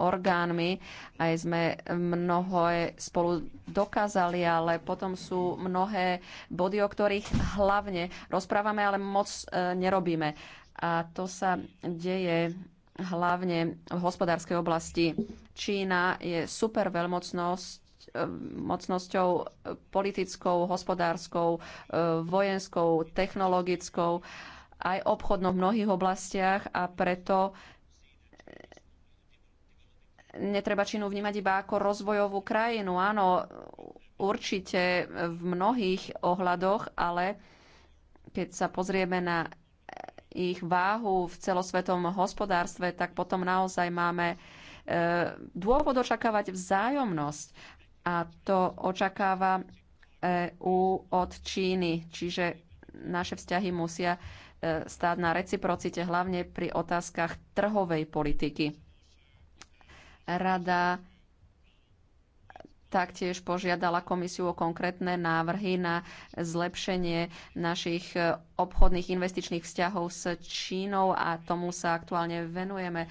orgánmi. Aj sme mnoho spolu dokázali, ale potom sú mnohé body, o ktorých hlavne rozprávame, ale moc e, nerobíme. A to sa deje hlavne v hospodárskej oblasti. Čína je super veľmocnosť e, mocnosťou politickou, hospodárskou, e, vojenskou, technologickou, aj obchodnou v mnohých oblastiach a preto netreba Čínu vnímať iba ako rozvojovú krajinu. Áno, určite v mnohých ohľadoch, ale keď sa pozrieme na ich váhu v celosvetom hospodárstve, tak potom naozaj máme e, dôvod očakávať vzájomnosť. A to očakáva EU od Číny. Čiže naše vzťahy musia e, stáť na reciprocite, hlavne pri otázkach trhovej politiky. Rada taktiež požiadala komisiu o konkrétne návrhy na zlepšenie našich e, obchodných investičných vzťahov s Čínou a tomu sa aktuálne venujeme. E,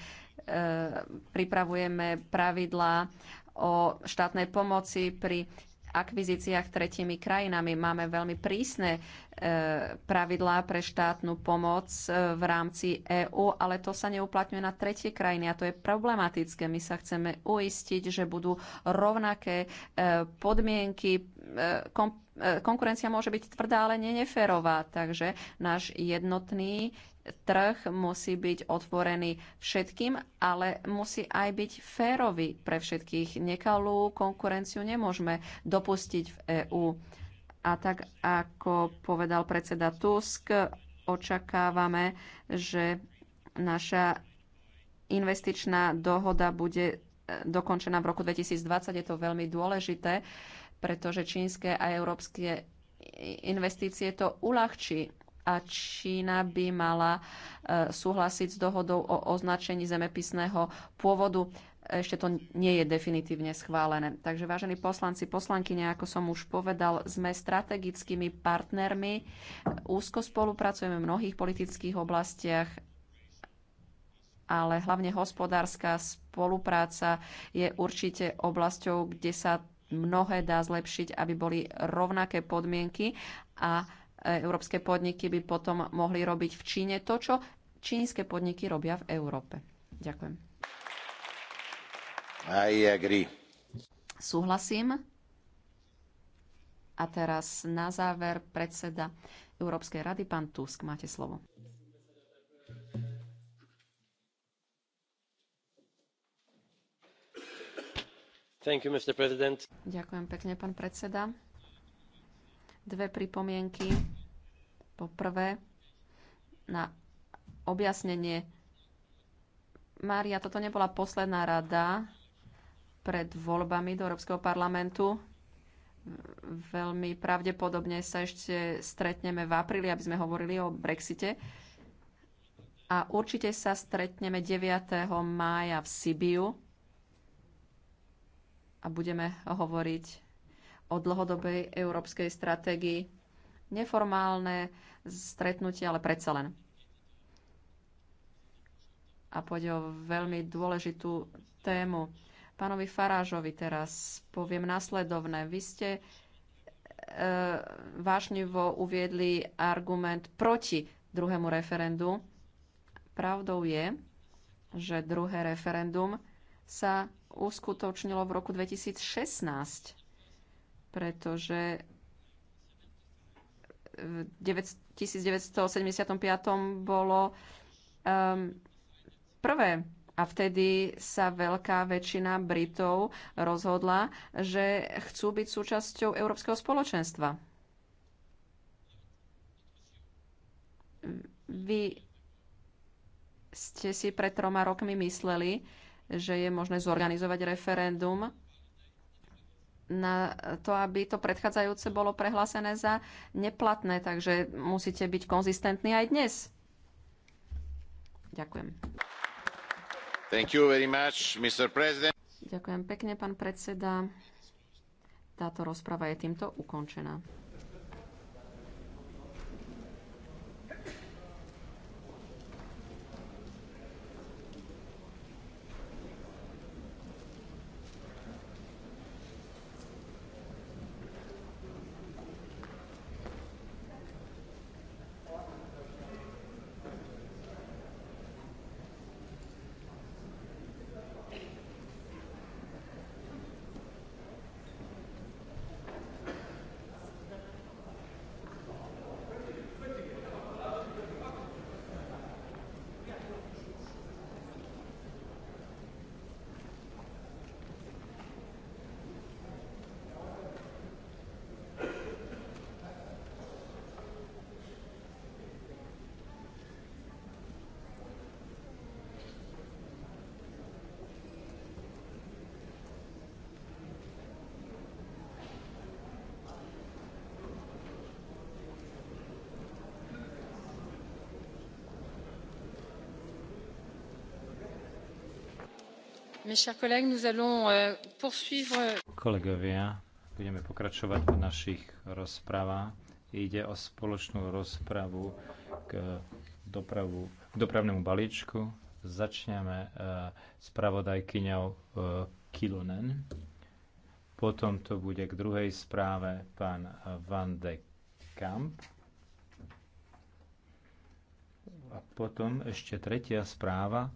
pripravujeme pravidlá o štátnej pomoci pri akvizíciách tretími krajinami. Máme veľmi prísne e, pravidlá pre štátnu pomoc e, v rámci EÚ, ale to sa neuplatňuje na tretie krajiny a to je problematické. My sa chceme uistiť, že budú rovnaké e, podmienky. Konkurencia môže byť tvrdá, ale neneferová. Takže náš jednotný trh musí byť otvorený všetkým, ale musí aj byť férový pre všetkých. Nekalú konkurenciu nemôžeme dopustiť v EÚ. A tak, ako povedal predseda Tusk, očakávame, že naša investičná dohoda bude e, dokončená v roku 2020. Je to veľmi dôležité, pretože čínske a európske investície to uľahčí a Čína by mala eh, súhlasiť s dohodou o označení zemepisného pôvodu. Ešte to nie je definitívne schválené. Takže, vážení poslanci, poslankyne, ako som už povedal, sme strategickými partnermi. Úzko spolupracujeme v mnohých politických oblastiach ale hlavne hospodárska spolupráca je určite oblasťou, kde sa mnohé dá zlepšiť, aby boli rovnaké podmienky a E, európske podniky by potom mohli robiť v Číne to, čo čínske podniky robia v Európe. Ďakujem. I agree. Súhlasím. A teraz na záver predseda Európskej rady, pán Tusk, máte slovo. You, Ďakujem pekne, pán predseda dve pripomienky. Po prvé, na objasnenie. Mária, toto nebola posledná rada pred voľbami do Európskeho parlamentu. Veľmi pravdepodobne sa ešte stretneme v apríli, aby sme hovorili o Brexite. A určite sa stretneme 9. mája v Sibiu a budeme hovoriť o dlhodobej európskej stratégii. Neformálne stretnutie, ale predsa len. A pôjde o veľmi dôležitú tému. Pánovi Farážovi teraz poviem následovné. Vy ste e, vášnivo uviedli argument proti druhému referendu. Pravdou je, že druhé referendum sa uskutočnilo v roku 2016 pretože v 1975. bolo um, prvé a vtedy sa veľká väčšina Britov rozhodla, že chcú byť súčasťou Európskeho spoločenstva. Vy ste si pred troma rokmi mysleli, že je možné zorganizovať referendum na to, aby to predchádzajúce bolo prehlásené za neplatné, takže musíte byť konzistentní aj dnes. Ďakujem. Thank you very much, Mr. President. Ďakujem pekne, pán predseda. Táto rozprava je týmto ukončená. Euh, euh, Kolegovia, budeme pokračovať v našich rozprávach. Ide o spoločnú rozpravu k, dopravu, k dopravnému balíčku. Začneme e, s pravodajkyňou e, Kilonen. Potom to bude k druhej správe pán Van de Kamp. A potom ešte tretia správa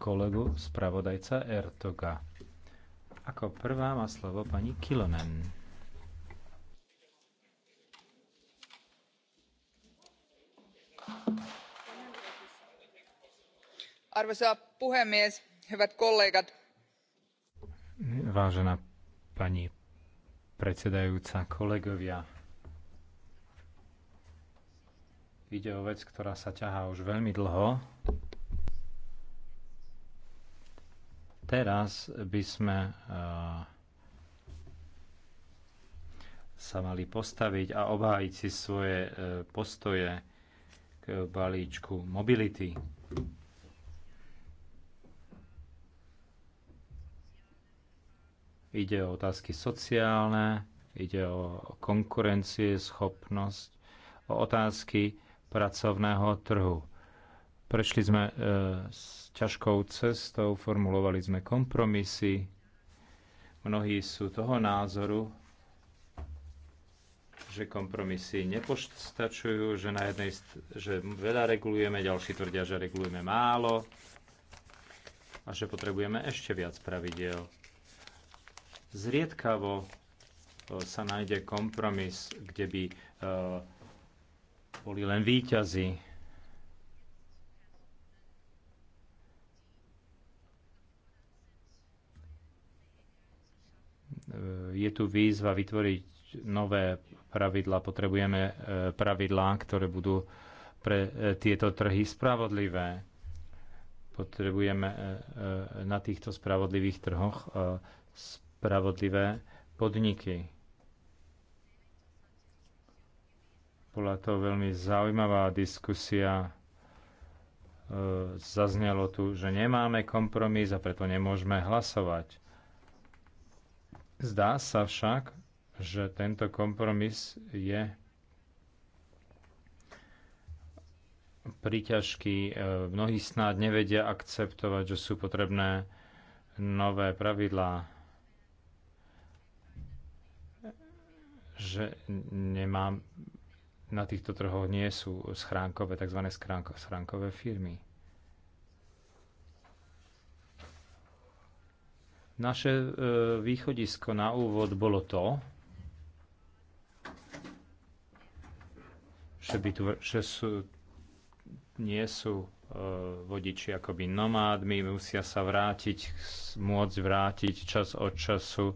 kolegu spravodajca Ertoga. Ako prvá má slovo pani Kilonen. Arvoisa puhemies, hyvät kollegat. Vážená pani predsedajúca, kolegovia, ide o vec, ktorá sa ťahá už veľmi dlho teraz by sme eh, sa mali postaviť a obhájiť si svoje eh, postoje k balíčku mobility. Ide o otázky sociálne, ide o konkurencie, schopnosť, o otázky pracovného trhu. Prešli sme e, s ťažkou cestou, formulovali sme kompromisy. Mnohí sú toho názoru, že kompromisy nepostačujú, že, na jednej, že veľa regulujeme, ďalší tvrdia, že regulujeme málo a že potrebujeme ešte viac pravidel. Zriedkavo e, sa nájde kompromis, kde by e, boli len výťazi E, je tu výzva vytvoriť nové pravidla. Potrebujeme e, pravidlá, ktoré budú pre e, tieto trhy spravodlivé. Potrebujeme na týchto spravodlivých trhoch spravodlivé podniky. Bola to veľmi zaujímavá diskusia. Zaznelo tu, že nemáme kompromis a preto nemôžeme hlasovať. Zdá sa však, že tento kompromis je príťažký. E, mnohí snáď nevedia akceptovať, že sú potrebné nové pravidlá, že nemám, na týchto trhoch nie sú schránkové, tzv. Schránko, schránkové firmy. Naše e, východisko na úvod bolo to, že, by tu, že sú, nie sú e, vodiči akoby nomádmi, musia sa vrátiť, môcť vrátiť čas od času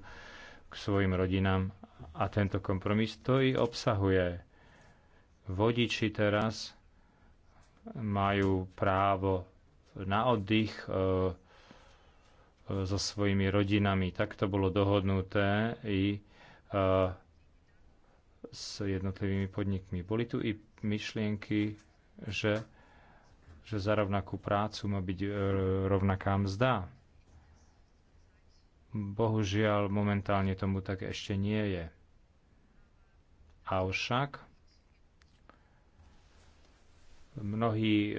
k svojim rodinám. A tento kompromis to i obsahuje. Vodiči teraz majú právo na oddych, e, E, so svojimi rodinami. Tak to bolo dohodnuté i e, s jednotlivými podnikmi. Boli tu i myšlienky, že, že za rovnakú prácu má byť e, rovnaká mzda. Bohužiaľ, momentálne tomu tak ešte nie je. Avšak mnohí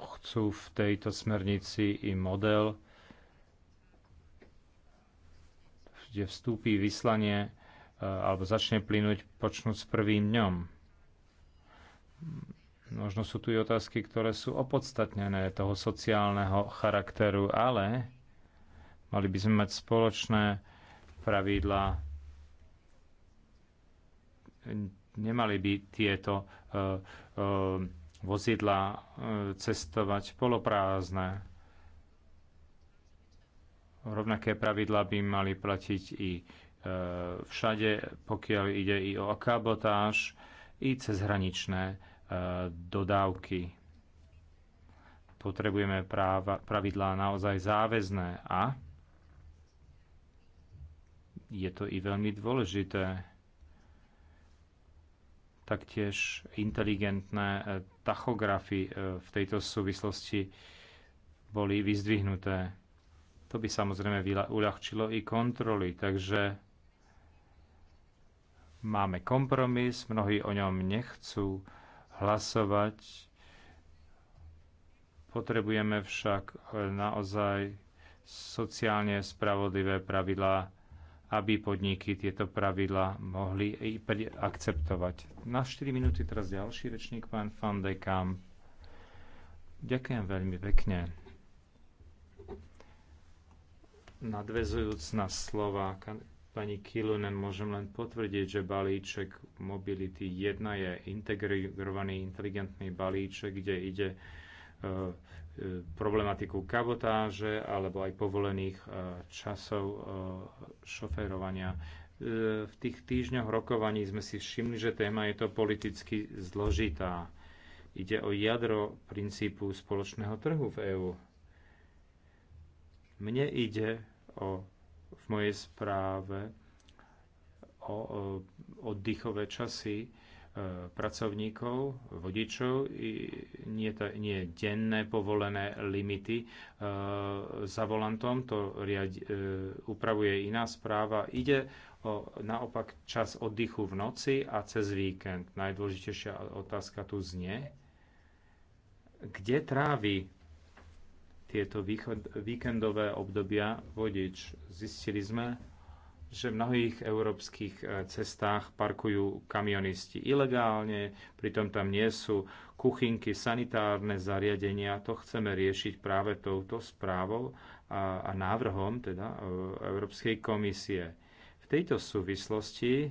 Chcú v tejto smernici i model, kde vstúpi vyslanie e, alebo začne plynúť počnúť s prvým dňom. Možno sú tu i otázky, ktoré sú opodstatnené toho sociálneho charakteru, ale mali by sme mať spoločné pravidla. Nemali by tieto uh, uh, vozidla e, cestovať poloprázdne. Rovnaké pravidla by mali platiť i e, všade, pokiaľ ide i o kabotáž, i cezhraničné e, dodávky. Potrebujeme práva, pravidlá naozaj záväzné a je to i veľmi dôležité taktiež inteligentné e, tachografy e, v tejto súvislosti boli vyzdvihnuté. To by samozrejme uľahčilo i kontroly, takže máme kompromis, mnohí o ňom nechcú hlasovať. Potrebujeme však e, naozaj sociálne spravodlivé pravidlá aby podniky tieto pravidla mohli akceptovať. Na 4 minúty teraz ďalší rečník, pán Van de Kamp. Ďakujem veľmi pekne. Nadvezujúc na slova pani Kilunen, môžem len potvrdiť, že balíček Mobility 1 je integrovaný, inteligentný balíček, kde ide uh, E, problematiku kabotáže alebo aj povolených e, časov e, šoférovania. V tých týždňoch rokovaní sme si všimli, že téma je to politicky zložitá. Ide o jadro princípu spoločného trhu v EÚ. Mne ide o, v mojej správe o, o oddychové časy, E, pracovníkov, vodičov, nie, to, nie denné povolené limity e, za volantom, to riad, e, upravuje iná správa. Ide o naopak čas oddychu v noci a cez víkend. Najdôležitejšia otázka tu znie, kde trávi tieto víkendové obdobia vodič. Zistili sme, že v mnohých európskych e, cestách parkujú kamionisti ilegálne, pritom tam nie sú kuchynky, sanitárne zariadenia. To chceme riešiť práve touto správou a, a návrhom teda e, Európskej komisie. V tejto súvislosti e,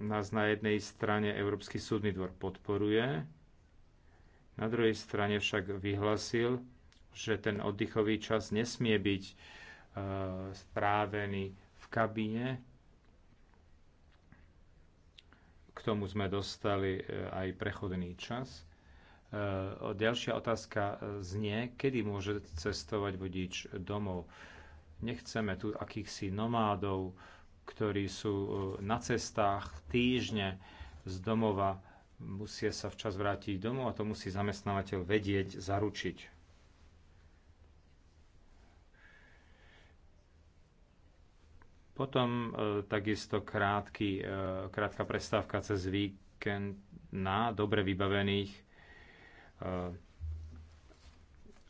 nás na jednej strane Európsky súdny dvor podporuje, na druhej strane však vyhlasil, že ten oddychový čas nesmie byť e, strávený v kabíne. K tomu sme dostali e, aj prechodný čas. E, ďalšia otázka znie, kedy môže cestovať vodič domov. Nechceme tu akýchsi nomádov, ktorí sú na cestách týždne z domova, musia sa včas vrátiť domov a to musí zamestnávateľ vedieť, zaručiť. Potom e, takisto krátky, e, krátka prestávka cez víkend na dobre vybavených e,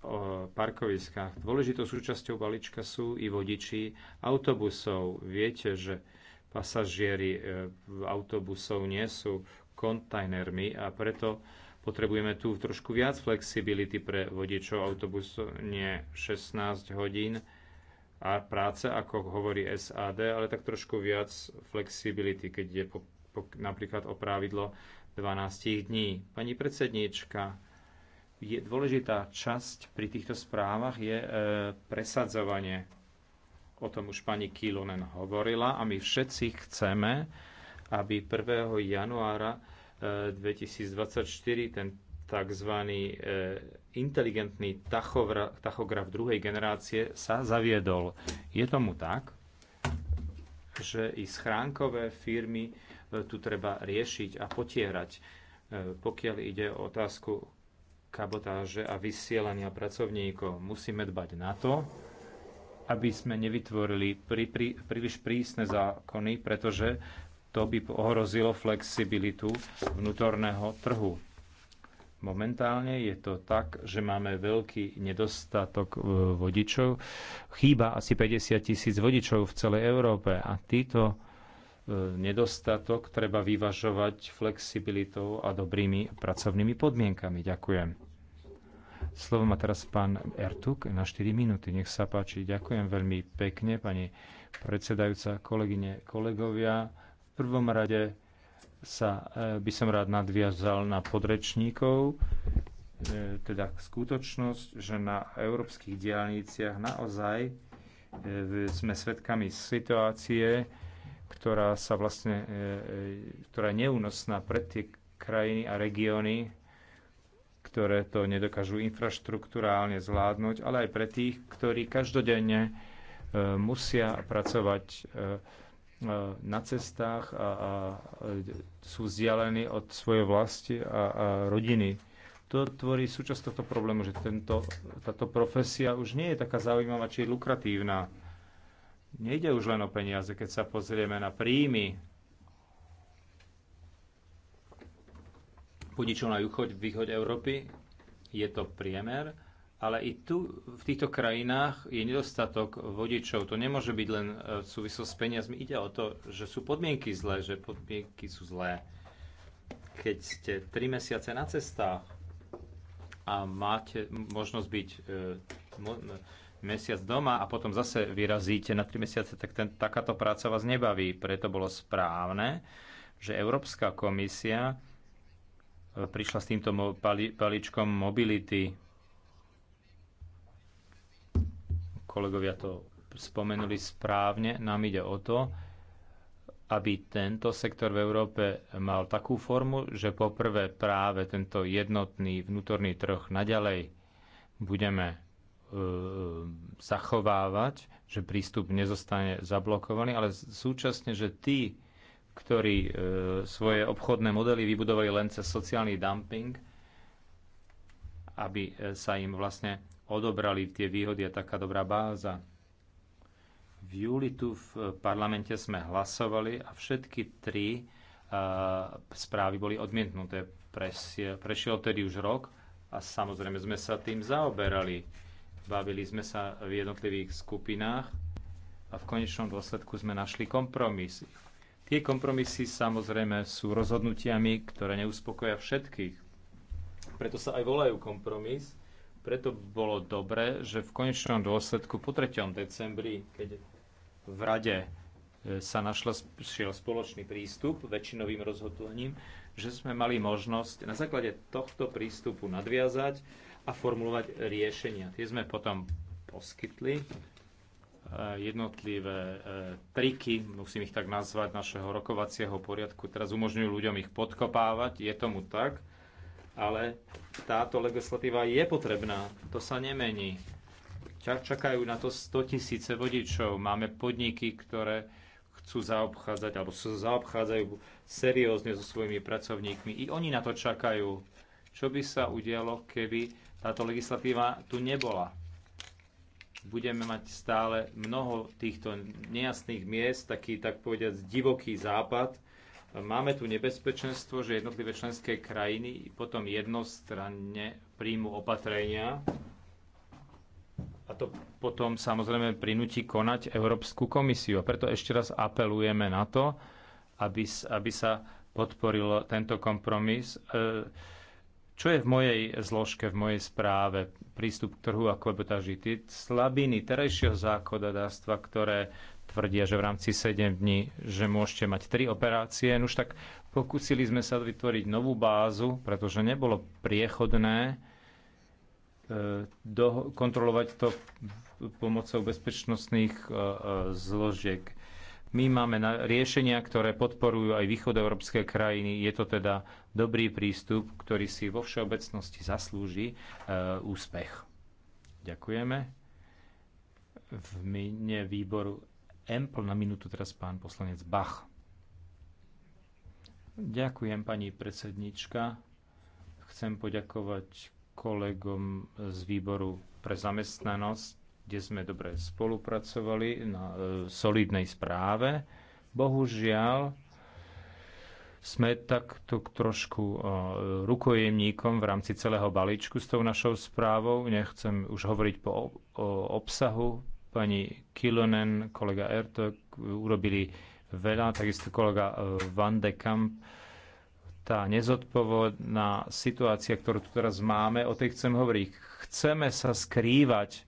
o parkoviskách. Dôležitou súčasťou balíčka sú i vodiči autobusov. Viete, že pasažieri autobusov nie sú kontajnermi a preto potrebujeme tu trošku viac flexibility pre vodičov autobusov, nie 16 hodín, a práce, ako hovorí SAD, ale tak trošku viac flexibility, keď je po, po, napríklad o pravidlo 12 dní. Pani predsedníčka, je dôležitá časť pri týchto správach je e, presadzovanie. O tom už pani Kilonen hovorila a my všetci chceme, aby 1. januára e, 2024 ten tzv. E, inteligentný tachograf druhej generácie sa zaviedol. Je tomu tak, že i schránkové firmy e, tu treba riešiť a potierať, e, pokiaľ ide o otázku kabotáže a vysielania pracovníkov. Musíme dbať na to, aby sme nevytvorili prí, prí, príliš prísne zákony, pretože to by ohrozilo flexibilitu vnútorného trhu Momentálne je to tak, že máme veľký nedostatok e, vodičov. Chýba asi 50 tisíc vodičov v celej Európe a títo e, nedostatok treba vyvažovať flexibilitou a dobrými pracovnými podmienkami. Ďakujem. Slovo má teraz pán Ertuk na 4 minúty. Nech sa páči. Ďakujem veľmi pekne, pani predsedajúca, kolegyne, kolegovia. V prvom rade sa e, by som rád nadviazal na podrečníkov, e, teda skutočnosť, že na európskych diálniciach naozaj e, sme svedkami situácie, ktorá sa vlastne, ktorá je neúnosná pre tie krajiny a regióny, ktoré to nedokážu infraštruktúrálne zvládnuť, ale aj pre tých, ktorí každodenne musia pracovať E, na cestách a, a e, sú vzdialení od svojej vlasti a, a rodiny. To tvorí súčasť tohto problému, že tento, táto profesia už nie je taká zaujímavá či lukratívna. Nejde už len o peniaze, keď sa pozrieme na príjmy. Pudičov na juchoď, východ Európy je to priemer ale i tu v týchto krajinách je nedostatok vodičov. To nemôže byť len e, v súvislosti s peniazmi. Ide o to, že sú podmienky zlé, že podmienky sú zlé. Keď ste tri mesiace na cestách a máte možnosť byť e, mesiac doma a potom zase vyrazíte na 3 mesiace, tak ten, takáto práca vás nebaví. Preto bolo správne, že Európska komisia e, prišla s týmto paličkom mobility kolegovia to spomenuli správne, nám ide o to, aby tento sektor v Európe mal takú formu, že poprvé práve tento jednotný vnútorný trh naďalej budeme e, e zachovávať, že prístup nezostane zablokovaný, ale súčasne, že tí, ktorí e, svoje obchodné modely vybudovali len cez sociálny dumping, aby e, sa im vlastne odobrali tie výhody a taká dobrá báza. V júli tu v parlamente sme hlasovali a všetky tri e, správy boli odmietnuté. Prešiel tedy už rok a samozrejme sme sa tým zaoberali. Bavili sme sa v jednotlivých skupinách a v konečnom dôsledku sme našli kompromisy. Tie kompromisy samozrejme sú rozhodnutiami, ktoré neuspokoja všetkých. Preto sa aj volajú kompromis preto bolo dobré, že v konečnom dôsledku po 3. decembri, keď v rade e, sa našla, šiel spoločný prístup väčšinovým rozhodovaním, že sme mali možnosť na základe tohto prístupu nadviazať a formulovať riešenia. Tie sme potom poskytli e, jednotlivé e, triky, musím ich tak nazvať, našeho rokovacieho poriadku. Teraz umožňujú ľuďom ich podkopávať, je tomu tak ale táto legislatíva je potrebná, to sa nemení. Čakajú na to 100 tisíce vodičov. Máme podniky, ktoré chcú zaobchádzať alebo sa zaobchádzajú seriózne so svojimi pracovníkmi. I oni na to čakajú. Čo by sa udialo, keby táto legislatíva tu nebola? Budeme mať stále mnoho týchto nejasných miest, taký tak povediať divoký západ, Máme tu nebezpečenstvo, že jednotlivé členské krajiny potom jednostranne príjmu opatrenia a to potom samozrejme prinúti konať Európsku komisiu. A preto ešte raz apelujeme na to, aby, aby sa podporil tento kompromis. E, čo je v mojej zložke, v mojej správe? Prístup k trhu a kobotaži. Tie slabiny terajšieho zákonodárstva, ktoré tvrdia, že v rámci 7 dní, že môžete mať 3 operácie. No už tak pokúsili sme sa vytvoriť novú bázu, pretože nebolo priechodné e, do, kontrolovať to pomocou bezpečnostných e, e, zložiek. My máme riešenia, ktoré podporujú aj východoeurópske krajiny. Je to teda dobrý prístup, ktorý si vo všeobecnosti zaslúži e, úspech. Ďakujeme. V mene výboru EMPL na minútu teraz pán poslanec Bach. Ďakujem, pani predsednička. Chcem poďakovať kolegom z výboru pre zamestnanosť, kde sme dobre spolupracovali na e, solidnej správe. Bohužiaľ, sme tak trošku eh, rukojemníkom v rámci celého balíčku s tou našou správou. Nechcem už hovoriť po, o obsahu. Pani Kilonen, kolega Ertok, urobili veľa, takisto kolega eh, Van de Kamp. Tá nezodpovodná situácia, ktorú tu teraz máme, o tej chcem hovoriť. Chceme sa skrývať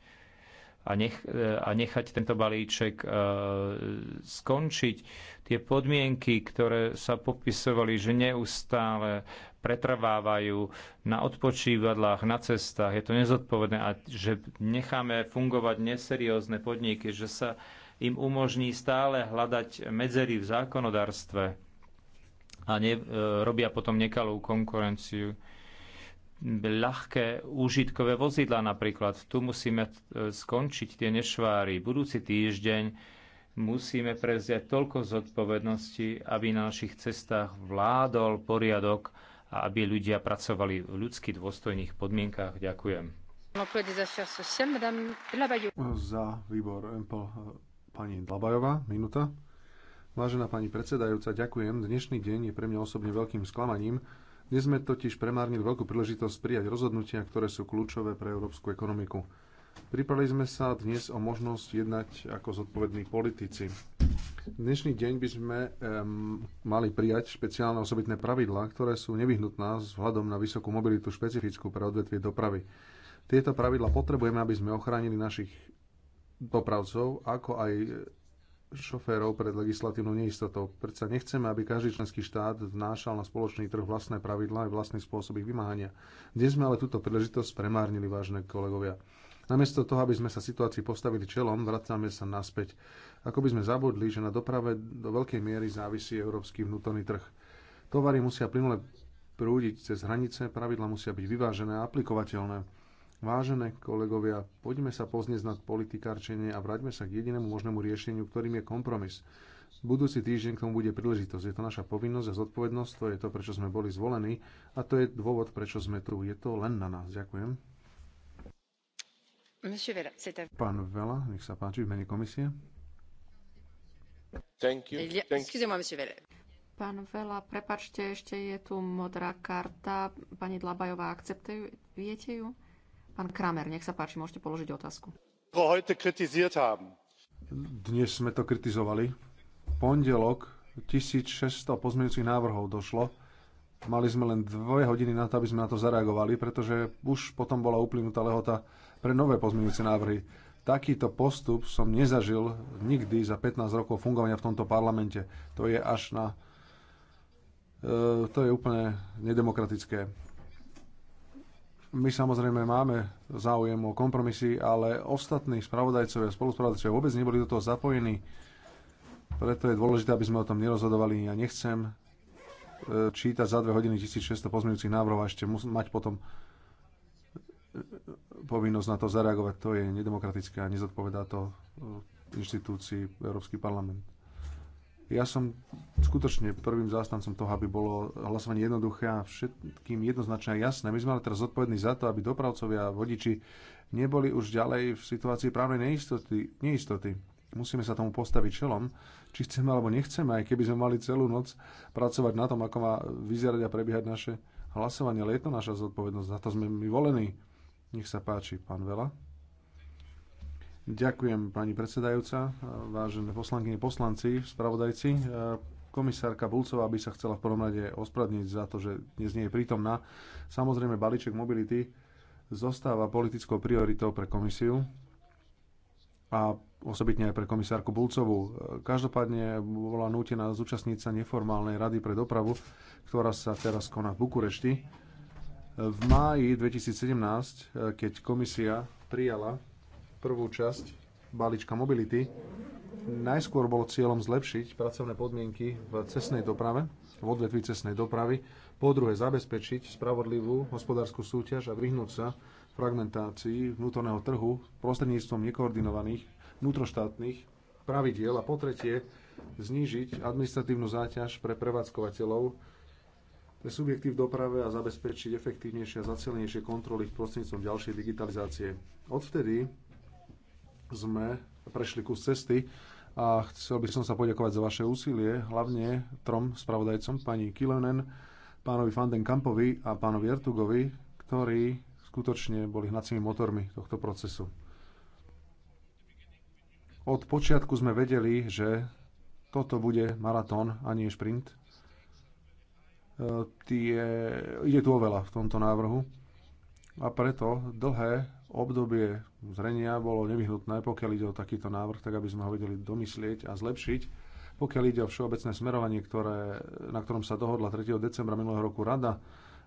a, nech, e, a nechať tento balíček e, skončiť. Tie podmienky, ktoré sa popisovali, že neustále pretrvávajú na odpočívadlách, na cestách, je to nezodpovedné a že necháme fungovať neseriózne podniky, že sa im umožní stále hľadať medzery v zákonodarstve a ne, e, robia potom nekalú konkurenciu. E, ľahké úžitkové vozidla napríklad. Tu musíme e, skončiť tie nešváry. Budúci týždeň musíme prevziať toľko zodpovednosti, aby na našich cestách vládol poriadok a aby ľudia pracovali v ľudsky dôstojných podmienkách. Ďakujem. Za výbor MPO pani Dlabajová, minúta. Vážená pani predsedajúca, ďakujem. Dnešný deň je pre mňa osobne veľkým sklamaním dnes sme totiž premárnili veľkú príležitosť prijať rozhodnutia, ktoré sú kľúčové pre európsku ekonomiku. Pripravili sme sa dnes o možnosť jednať ako zodpovední politici. Dnešný deň by sme um, mali prijať špeciálne osobitné pravidlá, ktoré sú nevyhnutná s vzhľadom na vysokú mobilitu špecifickú pre odvetvie dopravy. Tieto pravidlá potrebujeme, aby sme ochránili našich dopravcov, ako aj šoférov pred legislatívnou neistotou. Predsa nechceme, aby každý členský štát vnášal na spoločný trh vlastné pravidlá a vlastný spôsob ich vymáhania. Dnes sme ale túto príležitosť premárnili, vážne kolegovia. Namiesto toho, aby sme sa situácii postavili čelom, vracame sa naspäť. Ako by sme zabudli, že na doprave do veľkej miery závisí európsky vnútorný trh. Tovary musia plynule prúdiť cez hranice, pravidla musia byť vyvážené a aplikovateľné Vážené kolegovia, poďme sa poznieť nad politikárčenie a vráťme sa k jedinému možnému riešeniu, ktorým je kompromis. Budúci týždeň k tomu bude príležitosť. Je to naša povinnosť a zodpovednosť, to je to, prečo sme boli zvolení a to je dôvod, prečo sme tu. Je to len na nás. Ďakujem. Pán Vela, nech sa páči, v mene komisie. Thank you. Eh Thank you. Pán Vela, prepačte, ešte je tu modrá karta. Pani Dlabajová, akceptujete ju? Pán Kramer, nech sa páči, môžete položiť otázku. Dnes sme to kritizovali. Pondelok 1600 pozmeňujúcich návrhov došlo. Mali sme len dve hodiny na to, aby sme na to zareagovali, pretože už potom bola uplynutá lehota pre nové pozmeňujúce návrhy. Takýto postup som nezažil nikdy za 15 rokov fungovania v tomto parlamente. To je až na... E, to je úplne nedemokratické my samozrejme máme záujem o kompromisy, ale ostatní spravodajcovia a spoluspravodajcovia vôbec neboli do toho zapojení. Preto je dôležité, aby sme o tom nerozhodovali. Ja nechcem e, čítať za dve hodiny 1600 pozmeňujúcich návrhov a ešte mať potom e, povinnosť na to zareagovať. To je nedemokratické a nezodpovedá to e, inštitúcii Európsky parlament. Ja som skutočne prvým zástancom toho, aby bolo hlasovanie jednoduché a všetkým jednoznačne a jasné. My sme ale teraz zodpovední za to, aby dopravcovia a vodiči neboli už ďalej v situácii právnej neistoty. neistoty. Musíme sa tomu postaviť čelom, či chceme alebo nechceme, aj keby sme mali celú noc pracovať na tom, ako má vyzerať a prebiehať naše hlasovanie, ale je to naša zodpovednosť, za to sme my volení. Nech sa páči, pán Vela. Ďakujem, pani predsedajúca, vážené poslankyne, poslanci, spravodajci. Komisárka Bulcová by sa chcela v prvom rade ospravedlniť za to, že dnes nie je prítomná. Samozrejme, balíček mobility zostáva politickou prioritou pre komisiu a osobitne aj pre komisárku Bulcovú. Každopádne bola nútená zúčastniť sa neformálnej rady pre dopravu, ktorá sa teraz koná v Bukurešti. V máji 2017, keď komisia prijala prvú časť balíčka mobility. Najskôr bolo cieľom zlepšiť pracovné podmienky v cestnej doprave, v odvetví cestnej dopravy, po druhé zabezpečiť spravodlivú hospodárskú súťaž a vyhnúť sa fragmentácii vnútorného trhu prostredníctvom nekoordinovaných vnútroštátnych pravidiel a po tretie znížiť administratívnu záťaž pre prevádzkovateľov, pre subjekty v doprave a zabezpečiť efektívnejšie a zacelenejšie kontroly prostredníctvom ďalšej digitalizácie. Odvtedy sme prešli kus cesty a chcel by som sa poďakovať za vaše úsilie, hlavne trom spravodajcom, pani Kilonen, pánovi Fanden Kampovi a pánovi Ertugovi, ktorí skutočne boli hnacími motormi tohto procesu. Od počiatku sme vedeli, že toto bude maratón a nie šprint. E, tie, ide tu oveľa v tomto návrhu a preto dlhé obdobie zrenia bolo nevyhnutné, pokiaľ ide o takýto návrh, tak aby sme ho vedeli domyslieť a zlepšiť. Pokiaľ ide o všeobecné smerovanie, ktoré, na ktorom sa dohodla 3. decembra minulého roku Rada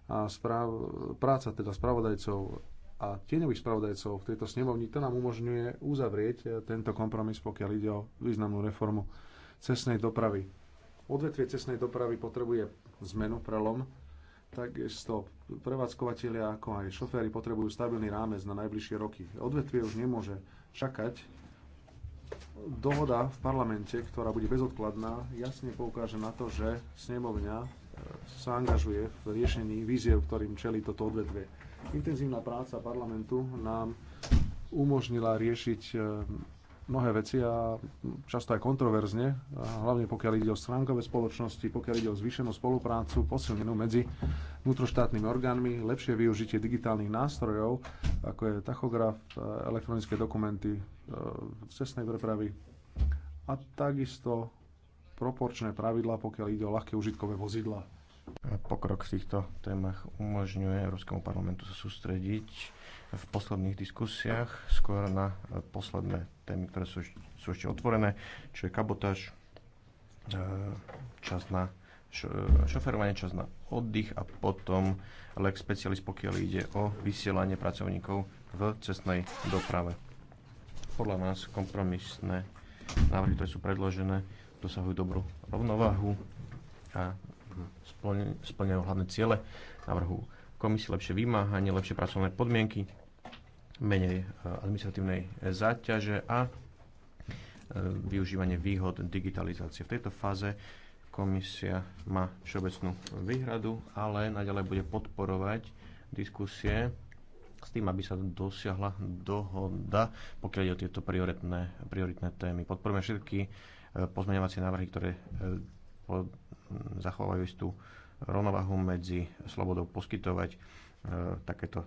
a správ, práca teda spravodajcov a tieňových spravodajcov v tejto snemovni, to nám umožňuje uzavrieť tento kompromis, pokiaľ ide o významnú reformu cestnej dopravy. Odvetvie cestnej dopravy potrebuje zmenu, prelom, Takisto prevádzkovateľia ako aj šoféry potrebujú stabilný rámec na najbližšie roky. Odvetvie už nemôže čakať. Dohoda v parlamente, ktorá bude bezodkladná, jasne poukáže na to, že snemovňa e, sa angažuje v riešení víziev, ktorým čelí toto odvetvie. Intenzívna práca parlamentu nám umožnila riešiť e, mnohé veci a často aj kontroverzne, a hlavne pokiaľ ide o stránkové spoločnosti, pokiaľ ide o zvýšenú spoluprácu, posilnenú medzi vnútroštátnymi orgánmi, lepšie využitie digitálnych nástrojov, ako je tachograf, e, elektronické dokumenty, e, cestnej prepravy a takisto proporčné pravidlá, pokiaľ ide o ľahké užitkové vozidla. Pokrok v týchto témach umožňuje Európskemu parlamentu sa sústrediť v posledných diskusiách skôr na posledné témy, ktoré sú, sú ešte otvorené, čo je kabotáž, e, čas na e, šoferovanie, čas na oddych a potom lex specialist, pokiaľ ide o vysielanie pracovníkov v cestnej doprave. Podľa nás kompromisné návrhy, ktoré sú predložené, dosahujú dobrú rovnováhu a splňajú hlavné ciele návrhu komisie, lepšie vymáhanie, lepšie pracovné podmienky, menej eh, administratívnej eh, záťaže a eh, využívanie výhod digitalizácie. V tejto fáze komisia má všeobecnú výhradu, ale naďalej bude podporovať diskusie s tým, aby sa dosiahla dohoda, pokiaľ ide o tieto prioritné, prioritné témy. Podporujeme všetky pozmeňovacie návrhy, ktoré zachovajú istú rovnováhu medzi slobodou poskytovať e, takéto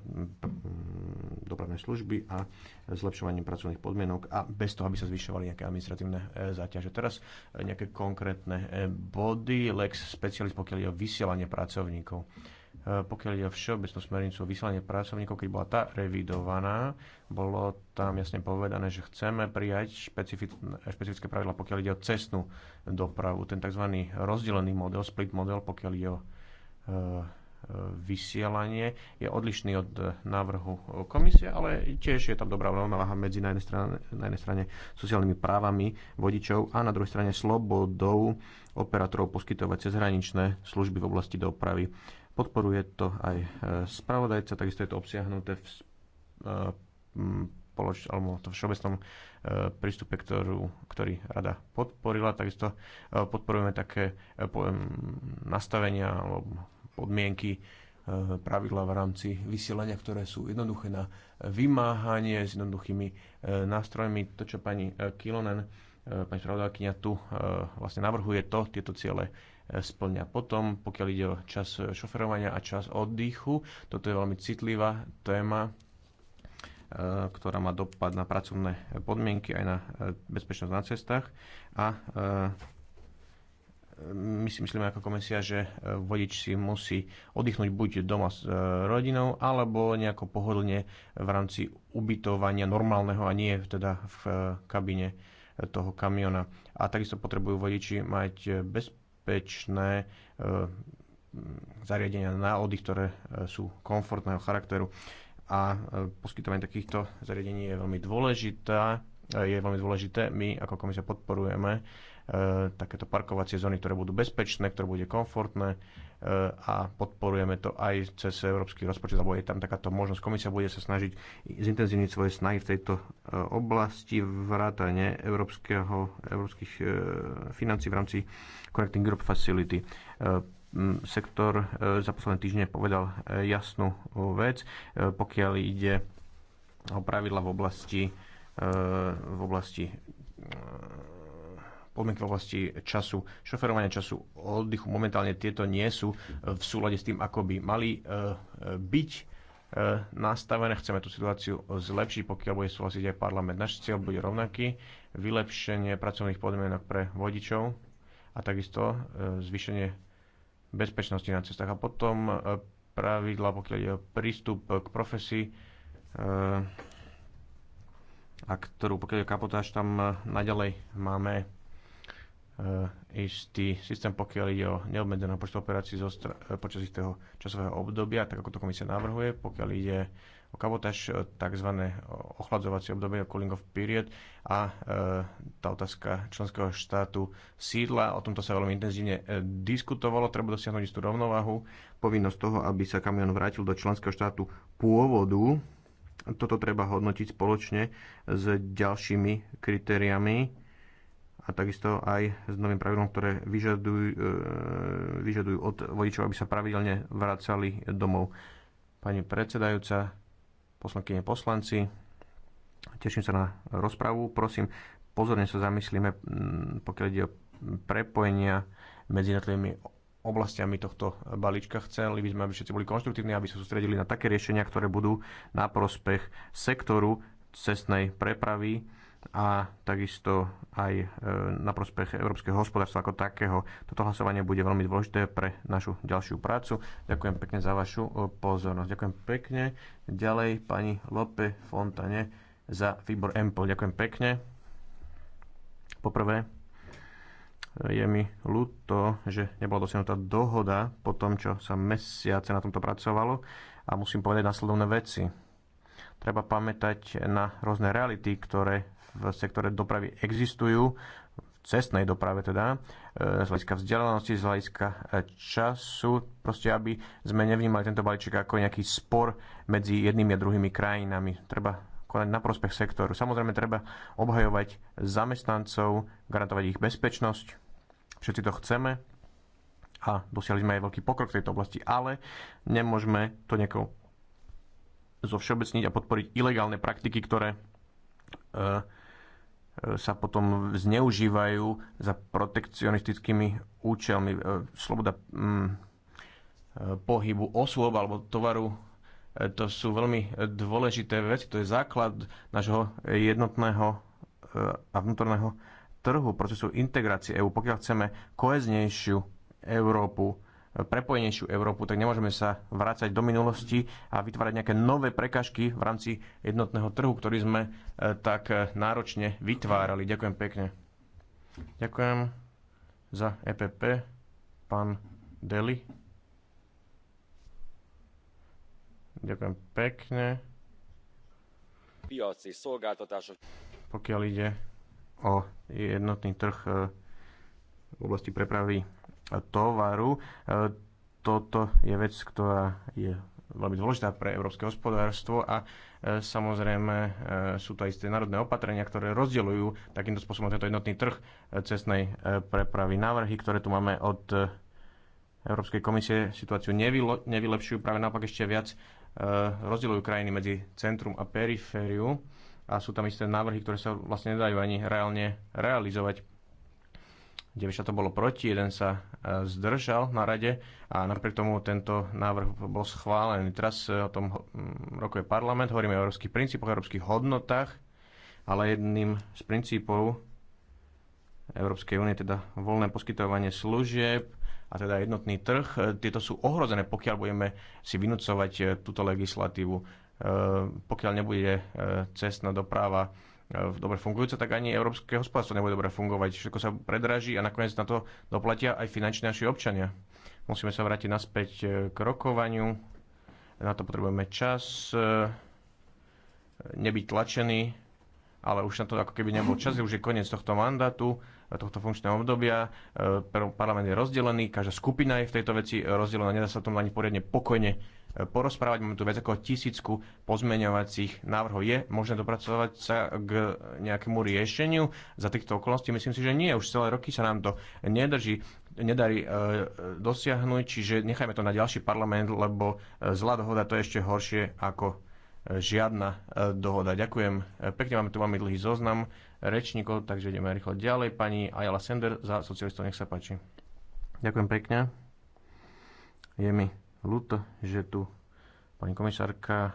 dopravné služby a zlepšovaním pracovných podmienok a bez toho, aby sa zvyšovali nejaké administratívne e, záťaže. Teraz e, nejaké konkrétne body, lex specialist, pokiaľ je o vysielanie pracovníkov Eh, pokiaľ ide o všeobecnú smernicu o vyslanie pracovníkov, keď bola tá revidovaná, bolo tam jasne povedané, že chceme prijať špecifické pravidla, pokiaľ ide o cestnú dopravu. Ten tzv. rozdelený model, split model, pokiaľ ide o eh, vysielanie je odlišný od návrhu komisie, ale tiež je tam dobrá rovnováha medzi na jednej, strane, na jednej strane sociálnymi právami vodičov a na druhej strane slobodou operátorov poskytovať cezhraničné služby v oblasti dopravy. Podporuje to aj e, spravodajca, takisto je to obsiahnuté v e, alebo to všeobecnom e, prístupe, ktorú, ktorý rada podporila. Takisto podporujeme také nastavenia alebo podmienky, eh, pravidla v rámci vysielania, ktoré sú jednoduché na vymáhanie s jednoduchými eh, nástrojmi. To, čo pani eh, Kilonen, pani spravodajkynia tu vlastne navrhuje, to tieto ciele splňa. Potom, pokiaľ ide o čas šoferovania a čas oddychu, toto je veľmi citlivá téma, ktorá má dopad na pracovné podmienky aj na bezpečnosť na cestách a my si myslíme ako komisia, že e, vodič si musí oddychnúť buď doma s e, rodinou, alebo nejako pohodlne v rámci ubytovania normálneho a nie teda v e, kabine toho kamiona. A takisto potrebujú vodiči mať bezpečné zariadenia na oddych, ktoré sú komfortného charakteru. A poskytovanie takýchto zariadení je veľmi dôležité. Je veľmi dôležité. My ako komisia podporujeme E, takéto parkovacie zóny, ktoré budú bezpečné, ktoré bude komfortné e, a podporujeme to aj cez európsky rozpočet, alebo je tam takáto možnosť. Komisia bude sa snažiť zintenzívniť svoje snahy v tejto e, oblasti vrátane európskeho, európskych financí v rámci Connecting Europe Facility sektor za posledné týždne povedal jasnú vec, pokiaľ ide o pravidla v oblasti, v oblasti podmienky v oblasti času, šoferovania času, oddychu. Momentálne tieto nie sú e, v súlade s tým, ako by mali e, e, byť nastavené. Chceme tú situáciu zlepšiť, pokiaľ bude súhlasiť aj parlament. Náš cieľ bude rovnaký, vylepšenie pracovných podmienok pre vodičov a takisto zvýšenie bezpečnosti na cestách. A potom pravidla, pokiaľ je prístup k profesii, a ktorú, pokiaľ je kapotáž, tam naďalej máme Eh, istý systém, pokiaľ ide o neobmedzené počet operácií eh, počas toho časového obdobia, tak ako to komisia navrhuje, pokiaľ ide o kabotáž, eh, tzv. ochladzovacie obdobie, cooling off period a e, tá otázka členského štátu sídla. O tomto sa veľmi intenzívne diskutovalo. Treba dosiahnuť istú rovnováhu. Povinnosť toho, aby sa kamion vrátil do členského štátu pôvodu, toto treba hodnotiť spoločne s ďalšími kritériami a takisto aj s novým pravidlom, ktoré vyžadujú, e, vyžadujú od vodičov, aby sa pravidelne vracali domov. Pani predsedajúca, poslankyne poslanci, teším sa na rozpravu. Prosím, pozorne sa zamyslíme, mm, pokiaľ ide o prepojenia medzi jednotlivými oblastiami tohto balíčka. Chceli by sme, aby všetci boli konštruktívni, aby sa sústredili na také riešenia, ktoré budú na prospech sektoru cestnej prepravy a takisto aj e, na prospech európskeho hospodárstva ako takého. Toto hlasovanie bude veľmi dôležité pre našu ďalšiu prácu. Ďakujem pekne za vašu e, pozornosť. Ďakujem pekne. Ďalej pani Lope Fontane za výbor EMPL. Ďakujem pekne. Poprvé, je mi ľúto, že nebola dosiahnutá dohoda po tom, čo sa mesiace na tomto pracovalo a musím povedať nasledovné veci. Treba pamätať na rôzne reality, ktoré v vlastne, sektore dopravy existujú, v cestnej doprave teda, e, z hľadiska vzdelanosti, z hľadiska e, času, proste aby sme nevnímali tento balíček ako nejaký spor medzi jednými a druhými krajinami. Treba konať na prospech sektoru. Samozrejme treba obhajovať zamestnancov, garantovať ich bezpečnosť. Všetci to chceme a dosiahli sme aj veľký pokrok v tejto oblasti, ale nemôžeme to nejako zovšeobecniť a podporiť ilegálne praktiky, ktoré e, E, sa potom zneužívajú za protekcionistickými účelmi. E, sloboda mm, e, pohybu osôb alebo tovaru to sú veľmi dôležité veci, to je základ nášho jednotného a vnútorného trhu, procesu integrácie EÚ. Pokiaľ chceme koheznejšiu Európu, prepojenejšiu Európu, tak nemôžeme sa vrácať do minulosti a vytvárať nejaké nové prekažky v rámci jednotného trhu, ktorý sme e, tak e, náročne vytvárali. Ďakujem pekne. Ďakujem za EPP, pán Deli. Ďakujem pekne. Pokiaľ ide o jednotný trh e, v oblasti prepravy tovaru. E, toto je vec, ktorá je veľmi dôležitá pre európske hospodárstvo a e, samozrejme e, sú to aj isté národné opatrenia, ktoré rozdeľujú takýmto spôsobom tento jednotný trh cestnej prepravy. Návrhy, ktoré tu máme od Európskej komisie, situáciu nevylepšujú, práve naopak ešte viac rozdeľujú krajiny medzi centrum a perifériu a sú tam isté návrhy, ktoré sa vlastne nedajú ani reálne realizovať 9 to bolo proti, jeden sa e, zdržal na rade a napriek tomu tento návrh bol schválený. Teraz e, o tom mm, rokuje parlament, hovoríme o európskych princípoch, európskych hodnotách, ale jedným z princípov Európskej únie, teda voľné poskytovanie služieb a teda jednotný trh, e, tieto sú ohrozené, pokiaľ budeme si vynúcovať túto legislatívu. Pokiaľ nebude cestná doprava dobre fungujúca, tak ani európske hospodárstvo nebude dobre fungovať. Všetko sa predraží a nakoniec na to doplatia aj finančne naši občania. Musíme sa vrátiť naspäť e, k rokovaniu. Na to potrebujeme čas, e, nebyť tlačený, ale už na to ako keby nebol čas, už je koniec tohto mandátu, e, tohto funkčného obdobia. Parlament je rozdelený, každá skupina je v tejto veci rozdelená, nedá sa tomu ani poriadne pokojne porozprávať. Máme tu viac ako tisícku pozmeňovacích návrhov. Je možné dopracovať sa k nejakému riešeniu za týchto okolností? Myslím si, že nie. Už celé roky sa nám to nedrží nedarí e, dosiahnuť, čiže nechajme to na ďalší parlament, lebo e, zlá dohoda to je ešte horšie ako e, žiadna e, dohoda. Ďakujem pekne, máme tu veľmi dlhý zoznam rečníkov, takže ideme rýchlo ďalej. Pani Ayala Sender za socialistov, nech sa páči. Ďakujem pekne. Je mi ľúto, že tu pani komisárka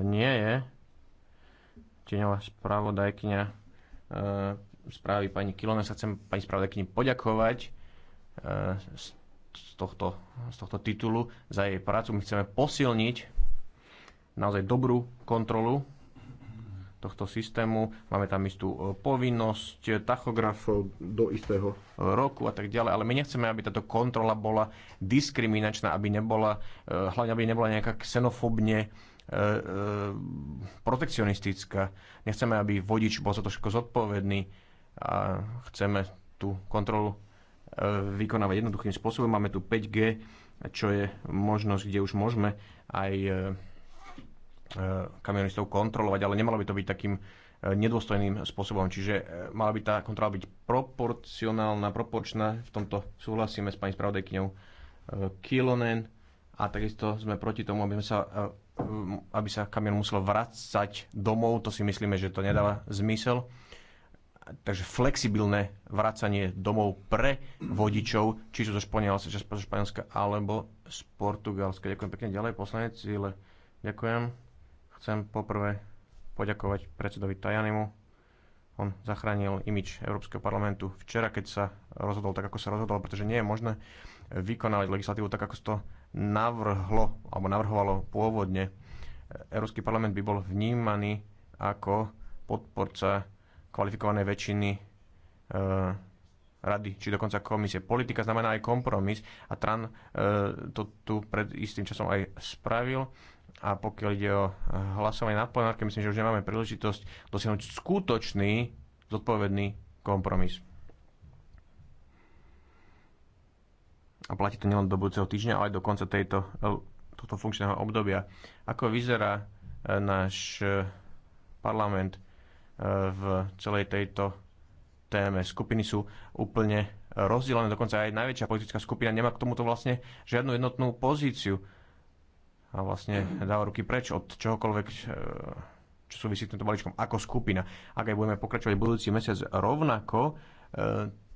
nie je. Tieňová spravodajkňa e, správy pani Kilone sa chcem pani správodajkyni poďakovať e, z, tohto, z tohto titulu za jej prácu. My chceme posilniť naozaj dobrú kontrolu tohto systému. Máme tam istú e, povinnosť e, tachografov e, do istého roku a tak ďalej, ale my nechceme, aby táto kontrola bola diskriminačná, aby nebola, hlavne aby nebola nejaká xenofobne protekcionistická. Nechceme, aby vodič bol za to všetko zodpovedný a chceme tú kontrolu vykonávať jednoduchým spôsobom. Máme tu 5G, čo je možnosť, kde už môžeme aj E, kamionistov kontrolovať, ale nemalo by to byť takým e, nedôstojným spôsobom. Čiže e, mala by tá kontrola byť proporcionálna, proporčná. V tomto súhlasíme s pani spravodajkyňou Kilonen a takisto sme proti tomu, aby, sa, aby sa kamion musel vracať domov. To si myslíme, že to nedáva zmysel. Takže flexibilné vracanie domov pre vodičov, či sú zo Španielska, alebo z Portugalska. Ďakujem pekne ďalej, poslanec ale Ďakujem. Chcem poprvé poďakovať predsedovi Tajanimu. On zachránil imič Európskeho parlamentu včera, keď sa rozhodol tak, ako sa rozhodol, pretože nie je možné vykonávať legislatívu tak, ako to navrhlo alebo navrhovalo pôvodne. Európsky parlament by bol vnímaný ako podporca kvalifikovanej väčšiny e, rady, či dokonca komisie. Politika znamená aj kompromis a Tran e, to tu pred istým časom aj spravil a pokiaľ ide o eh, hlasovanie na plenárke, myslím, že už nemáme príležitosť dosiahnuť skutočný zodpovedný kompromis. A platí to nielen do budúceho týždňa, ale aj do konca tejto, eh, tohto funkčného obdobia. Ako vyzerá eh, náš parlament v celej tejto téme? Skupiny sú úplne rozdielané, dokonca aj najväčšia politická skupina nemá k tomuto vlastne žiadnu jednotnú pozíciu a vlastne dala ruky preč od čohokoľvek, e, čo súvisí s týmto balíčkom ako skupina. Ak aj budeme pokračovať budúci mesiac rovnako, e,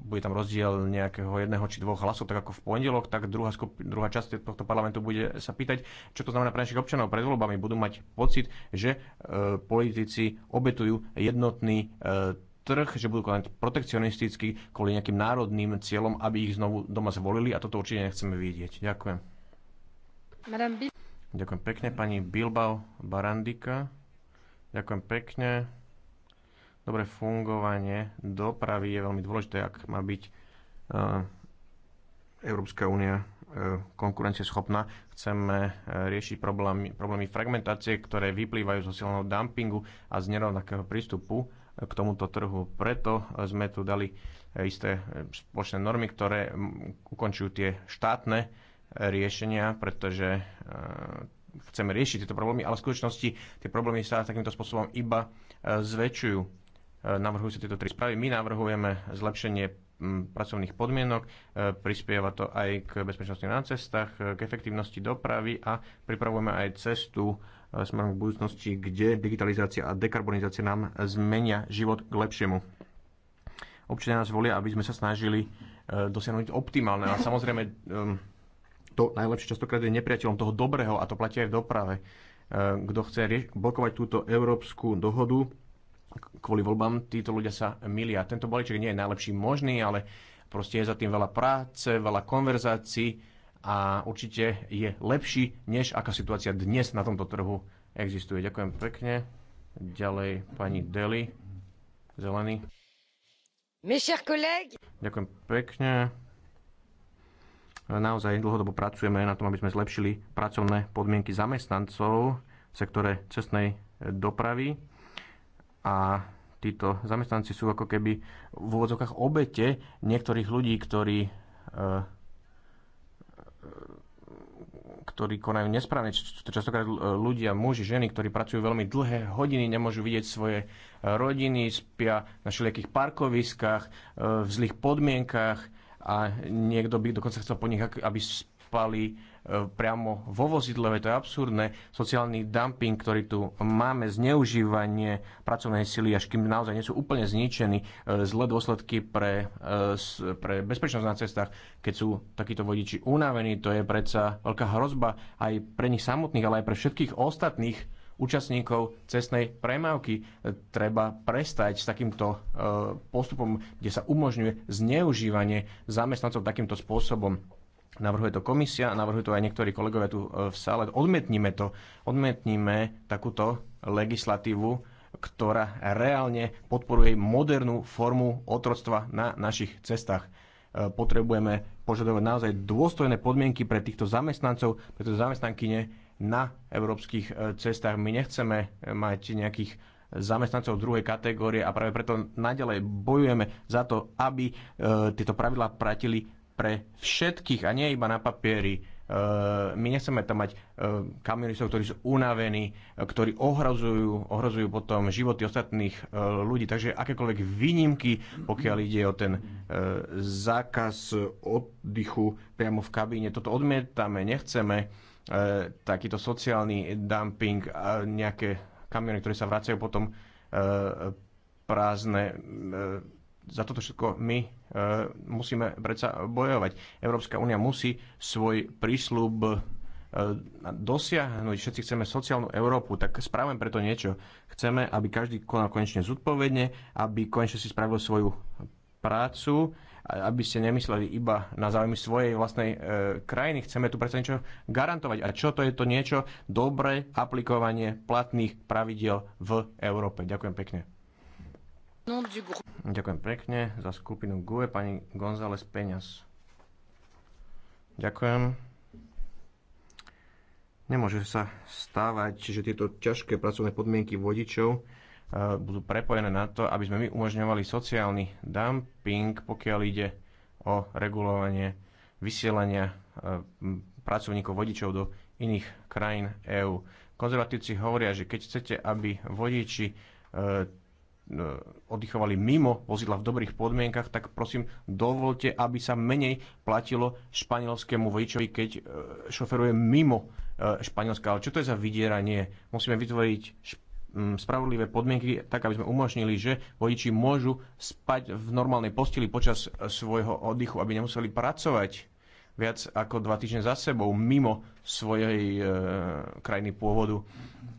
bude tam rozdiel nejakého jedného či dvoch hlasov, tak ako v pondelok, tak druhá, skupi- druhá časť tohto parlamentu bude sa pýtať, čo to znamená pre našich občanov pred voľbami. Budú mať pocit, že e, politici obetujú jednotný e, trh, že budú konať protekcionisticky kvôli nejakým národným cieľom, aby ich znovu doma zvolili a toto určite nechceme vidieť. Ďakujem. Ďakujem pekne pani Bilbao Barandika. Ďakujem pekne. Dobré fungovanie dopravy je veľmi dôležité, ak má byť e, Európska únia e, konkurencieschopná. Chceme e, riešiť problémy, problémy fragmentácie, ktoré vyplývajú zo silného dumpingu a z nerovnakého prístupu k tomuto trhu. Preto sme tu dali isté spoločné normy, ktoré ukončujú tie štátne riešenia, pretože e, chceme riešiť tieto problémy, ale v skutočnosti tie problémy sa takýmto spôsobom iba e, zväčšujú. E, navrhujú sa tieto tri správy. My navrhujeme zlepšenie pracovných podmienok, prispieva to aj k bezpečnosti na cestách, k efektívnosti dopravy a pripravujeme aj cestu smerom k budúcnosti, kde digitalizácia a dekarbonizácia nám zmenia život k lepšiemu. Občania nás volia, aby sme sa snažili dosiahnuť optimálne, ale samozrejme to najlepšie častokrát je nepriateľom toho dobrého a to platí aj v doprave. E, kto chce blokovať túto európsku dohodu, kvôli voľbám títo ľudia sa milia. Tento balíček nie je najlepší možný, ale proste je za tým veľa práce, veľa konverzácií a určite je lepší, než aká situácia dnes na tomto trhu existuje. Ďakujem pekne. Ďalej pani Deli, zelený. Ďakujem pekne naozaj dlhodobo pracujeme na tom, aby sme zlepšili pracovné podmienky zamestnancov v sektore cestnej e, dopravy a títo zamestnanci sú ako keby v úvodzovkách obete niektorých ľudí, ktorí e, e, ktorí konajú nesprávne, častokrát ľudia, muži, ženy, ktorí pracujú veľmi dlhé hodiny, nemôžu vidieť svoje rodiny, spia na všelijakých parkoviskách, v zlých podmienkach, a niekto by dokonca chcel po nich, aby spali e, priamo vo vozidle, to je absurdné. Sociálny dumping, ktorý tu máme, zneužívanie pracovnej sily, až kým naozaj nie sú úplne zničení, e, zlé dôsledky pre, e, pre bezpečnosť na cestách, keď sú takíto vodiči unavení, to je predsa veľká hrozba aj pre nich samotných, ale aj pre všetkých ostatných, účastníkov cestnej premávky. Treba prestať s takýmto e, postupom, kde sa umožňuje zneužívanie zamestnancov takýmto spôsobom. Navrhuje to komisia a navrhuje to aj niektorí kolegovia tu e, v sále. Odmietnime to. Odmietnime takúto legislatívu, ktorá reálne podporuje modernú formu otroctva na našich cestách e, potrebujeme požadovať naozaj dôstojné podmienky pre týchto zamestnancov, pre tieto zamestnankyne, na európskych e, cestách. My nechceme e, mať nejakých zamestnancov druhej kategórie a práve preto naďalej bojujeme za to, aby e, tieto pravidlá pratili pre všetkých a nie iba na papieri. My nechceme tam mať kamionistov, ktorí sú unavení, ktorí ohrozujú, ohrozujú potom životy ostatných ľudí. Takže akékoľvek výnimky, pokiaľ ide o ten zákaz oddychu priamo v kabíne, toto odmietame, nechceme E, takýto sociálny dumping a nejaké kamiony, ktoré sa vracajú potom e, prázdne. E, za toto všetko my musíme predsa bojovať. Európska únia musí svoj prísľub dosiahnuť. Všetci chceme sociálnu Európu, tak správame preto niečo. Chceme, aby každý konal konečne zodpovedne, aby konečne si spravil svoju prácu aby ste nemysleli iba na záujmy svojej vlastnej e, krajiny. Chceme tu predsa niečo garantovať. A čo to je to niečo? Dobré aplikovanie platných pravidel v Európe. Ďakujem pekne. Ďakujem pekne za skupinu GUE, pani González Peňas. Ďakujem. Nemôže sa stávať, že tieto ťažké pracovné podmienky vodičov Eh, budú prepojené na to, aby sme my umožňovali sociálny dumping, pokiaľ ide o regulovanie vysielania eh, pracovníkov vodičov do iných krajín EÚ. Konzervatívci hovoria, že keď chcete, aby vodiči eh, oddychovali mimo vozidla v dobrých podmienkach, tak prosím dovolte, aby sa menej platilo španielskému vodičovi, keď šoferuje mimo Španielska. Ale čo to je za vydieranie? Musíme vytvoriť Mm, spravodlivé podmienky, tak aby sme umožnili, že vodiči môžu spať v normálnej posteli počas svojho oddychu, aby nemuseli pracovať viac ako dva týždne za sebou mimo svojej e, krajiny pôvodu,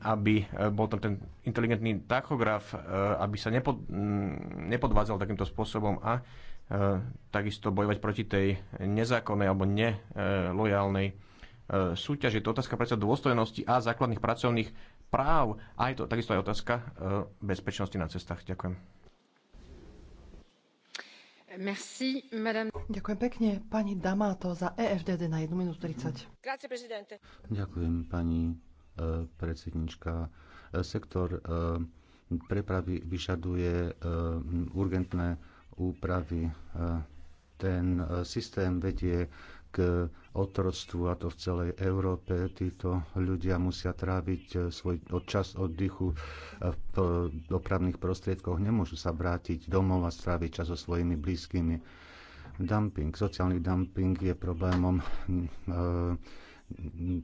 aby e, bol tam ten inteligentný tachograf, e, aby sa nepod, m, mm, nepodvádzal takýmto spôsobom a e, takisto bojovať proti tej nezákonnej alebo nelojálnej e, e súťaže. Je to otázka predsa dôstojnosti a základných pracovných práv. A to takisto aj otázka e, bezpečnosti na cestách. Ďakujem. Merci, madame. Ďakujem pekne pani Damato za EFDD na 1 minútu 30. Grazie, Ďakujem pani e, predsednička. E, sektor prepravy vyžaduje urgentné úpravy. Ten systém vedie k e, otroctvu a to v celej Európe. Títo ľudia musia tráviť e, svoj čas oddychu e, v dopravných prostriedkoch, nemôžu sa vrátiť domov a stráviť čas so svojimi blízkymi. Dumping, sociálny dumping je problémom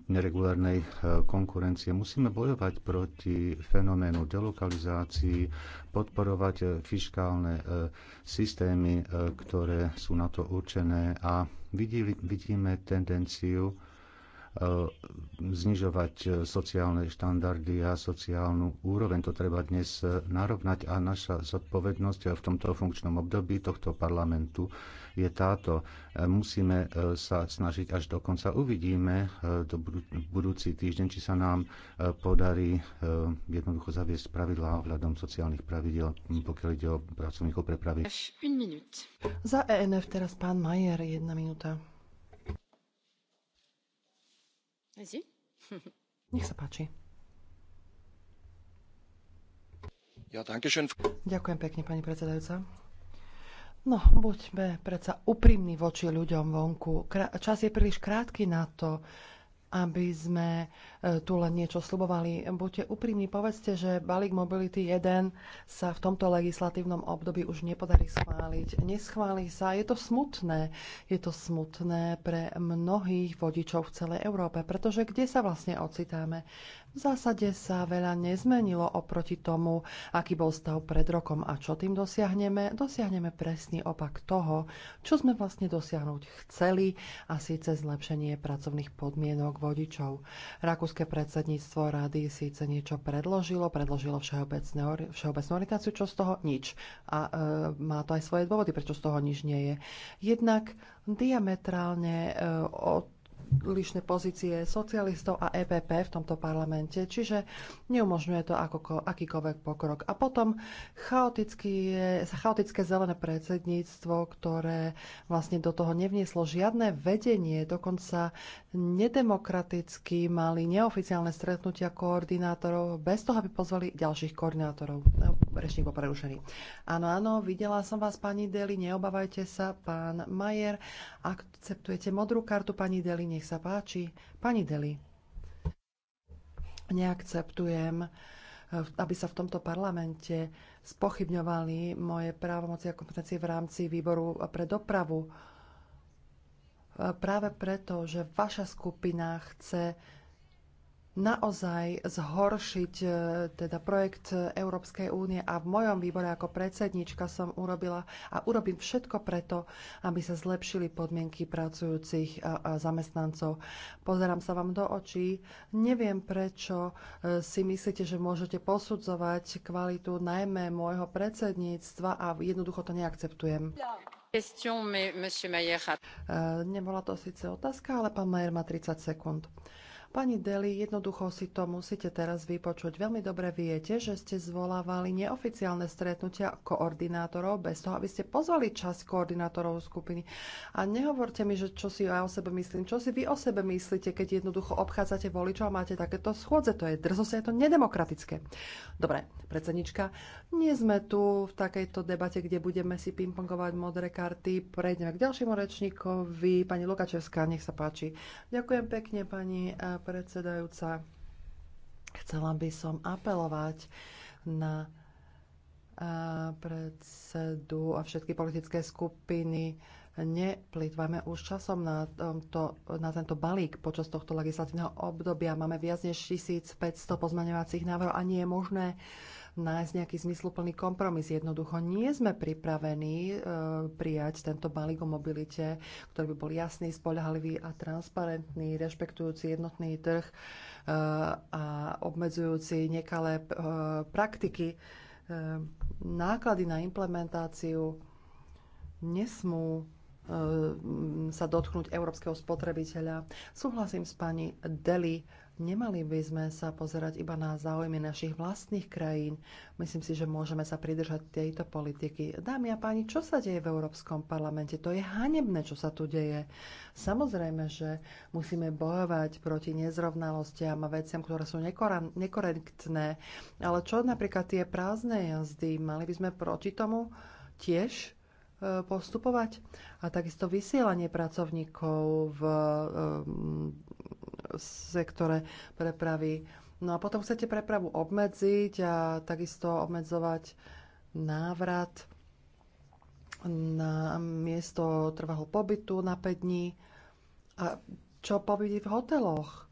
neregulárnej konkurencie. Musíme bojovať proti fenoménu delokalizácií, podporovať fiskálne systémy, ktoré sú na to určené a vidíme tendenciu znižovať e, sociálne štandardy a sociálnu úroveň. To treba dnes e, narovnať a naša zodpovednosť e, v tomto funkčnom období tohto parlamentu je táto. Musíme sa snažiť až do konca. Uvidíme do budúci týždeň, či sa nám podarí jednoducho zaviesť pravidlá ohľadom sociálnych pravidel, pokiaľ ide o pracovníkov prepravy. Za ENF teraz pán Majer, jedna minúta. Nech sa páči. Ja, Ďakujem pekne, pani predsedajúca. No, buďme predsa úprimní voči ľuďom vonku. Kr čas je príliš krátky na to, aby sme e, tu len niečo slubovali. Buďte úprimní, povedzte, že balík Mobility 1 sa v tomto legislatívnom období už nepodarí schváliť. Neschváli sa. Je to smutné. Je to smutné pre mnohých vodičov v celej Európe, pretože kde sa vlastne ocitáme? V zásade sa veľa nezmenilo oproti tomu, aký bol stav pred rokom a čo tým dosiahneme. Dosiahneme presný opak toho, čo sme vlastne dosiahnuť chceli a síce zlepšenie pracovných podmienok vodičov. Rakúske predsedníctvo rady síce niečo predložilo, predložilo všeobecnú, všeobecnú orientáciu, čo z toho nič. A e, má to aj svoje dôvody, prečo z toho nič nie je. Jednak diametrálne e, od odlišné pozície socialistov a EPP v tomto parlamente, čiže neumožňuje to ako, akýkoľvek pokrok. A potom chaotické, chaotické zelené predsedníctvo, ktoré vlastne do toho nevnieslo žiadne vedenie, dokonca nedemokraticky mali neoficiálne stretnutia koordinátorov bez toho, aby pozvali ďalších koordinátorov rečník bol prerušený. Áno, áno, videla som vás, pani Deli, neobávajte sa, pán Majer. Akceptujete modrú kartu, pani Deli, nech sa páči. Pani Deli, neakceptujem eh, aby sa v tomto parlamente spochybňovali moje právomoci a kompetencie v rámci výboru pre dopravu. Eh, práve preto, že vaša skupina chce naozaj zhoršiť e, teda projekt Európskej únie a v mojom výbore ako predsednička som urobila a urobím všetko preto, aby sa zlepšili podmienky pracujúcich a, e, e, zamestnancov. Pozerám sa vám do očí. Neviem, prečo si myslíte, že môžete posudzovať kvalitu najmä môjho predsedníctva a jednoducho to neakceptujem. Nebola to síce otázka, ale pán Majer má 30 sekúnd. Pani Deli, jednoducho si to musíte teraz vypočuť. Veľmi dobre viete, že ste zvolávali neoficiálne stretnutia koordinátorov bez toho, aby ste pozvali časť koordinátorov skupiny. A nehovorte mi, že čo si ja o sebe myslím, čo si vy o sebe myslíte, keď jednoducho obchádzate voličov a máte takéto schôdze. To je drzosť, je to nedemokratické. Dobre, predsednička, nie sme tu v takejto debate, kde budeme si pingpongovať modré karty. Prejdeme k ďalšiemu rečníkovi. Pani Lukačevská, nech sa páči. Ďakujem pekne, pani eh, predsedajúca. Chcela by som apelovať na predsedu a všetky politické skupiny. Neplýtvame už časom na, tomto, na tento balík počas tohto legislatívneho obdobia. Máme viac než 1500 pozmaňovacích návrhov a nie je možné nájsť nejaký zmysluplný kompromis. Jednoducho nie sme pripravení e, prijať tento balík o mobilite, ktorý by bol jasný, spolahlivý a transparentný, rešpektujúci jednotný trh e, a obmedzujúci nekalé e, praktiky. E, náklady na implementáciu nesmú e, sa dotknúť európskeho spotrebiteľa. Súhlasím s pani Deli, Nemali by sme sa pozerať iba na záujmy našich vlastných krajín. Myslím si, že môžeme sa pridržať tejto politiky. Dámy a páni, čo sa deje v Európskom parlamente? To je hanebné, čo sa tu deje. Samozrejme, že musíme bojovať proti nezrovnalostiam a veciam, ktoré sú nekorektné. Ale čo napríklad tie prázdne jazdy? Mali by sme proti tomu tiež e, postupovať. A takisto vysielanie pracovníkov v e, sektore prepravy. No a potom chcete prepravu obmedziť a takisto obmedzovať návrat na miesto trvalého pobytu na 5 dní. A čo pobyty v hoteloch?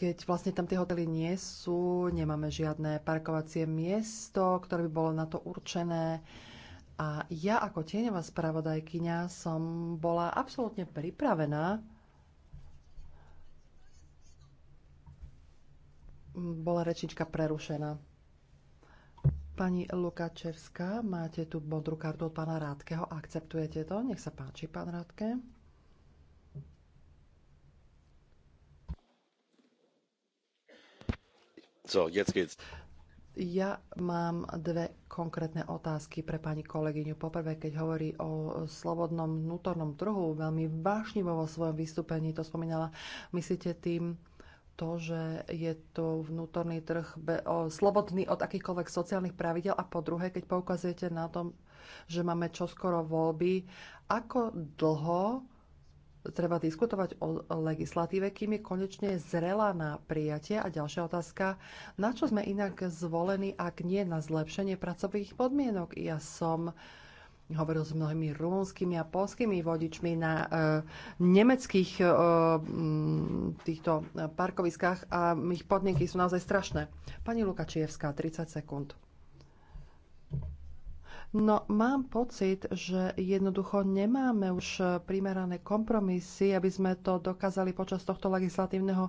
Keď vlastne tam tie hotely nie sú, nemáme žiadne parkovacie miesto, ktoré by bolo na to určené. A ja ako tieňová spravodajkyňa som bola absolútne pripravená bola rečnička prerušená. Pani Lukačevská, máte tu modrú kartu od pána Rádkeho. Akceptujete to? Nech sa páči, pán Rádke. Co, jetzt geht's. Ja mám dve konkrétne otázky pre pani kolegyňu. Poprvé, keď hovorí o slobodnom vnútornom trhu, veľmi vášnivo vo svojom vystúpení to spomínala, myslíte tým to, že je tu vnútorný trh slobodný od akýchkoľvek sociálnych pravidel a po druhé, keď poukazujete na tom, že máme čoskoro voľby, ako dlho treba diskutovať o legislatíve, kým je konečne zrela na prijatie. A ďalšia otázka, na čo sme inak zvolení, ak nie na zlepšenie pracových podmienok? Ja som uh, Hovoril s mnohými rumúnskymi a polskými vodičmi na e, nemeckých e, týchto parkoviskách a ich podmienky sú naozaj strašné. Pani Lukačievská, 30 sekúnd. No, mám pocit, že jednoducho nemáme už primerané kompromisy, aby sme to dokázali počas tohto legislatívneho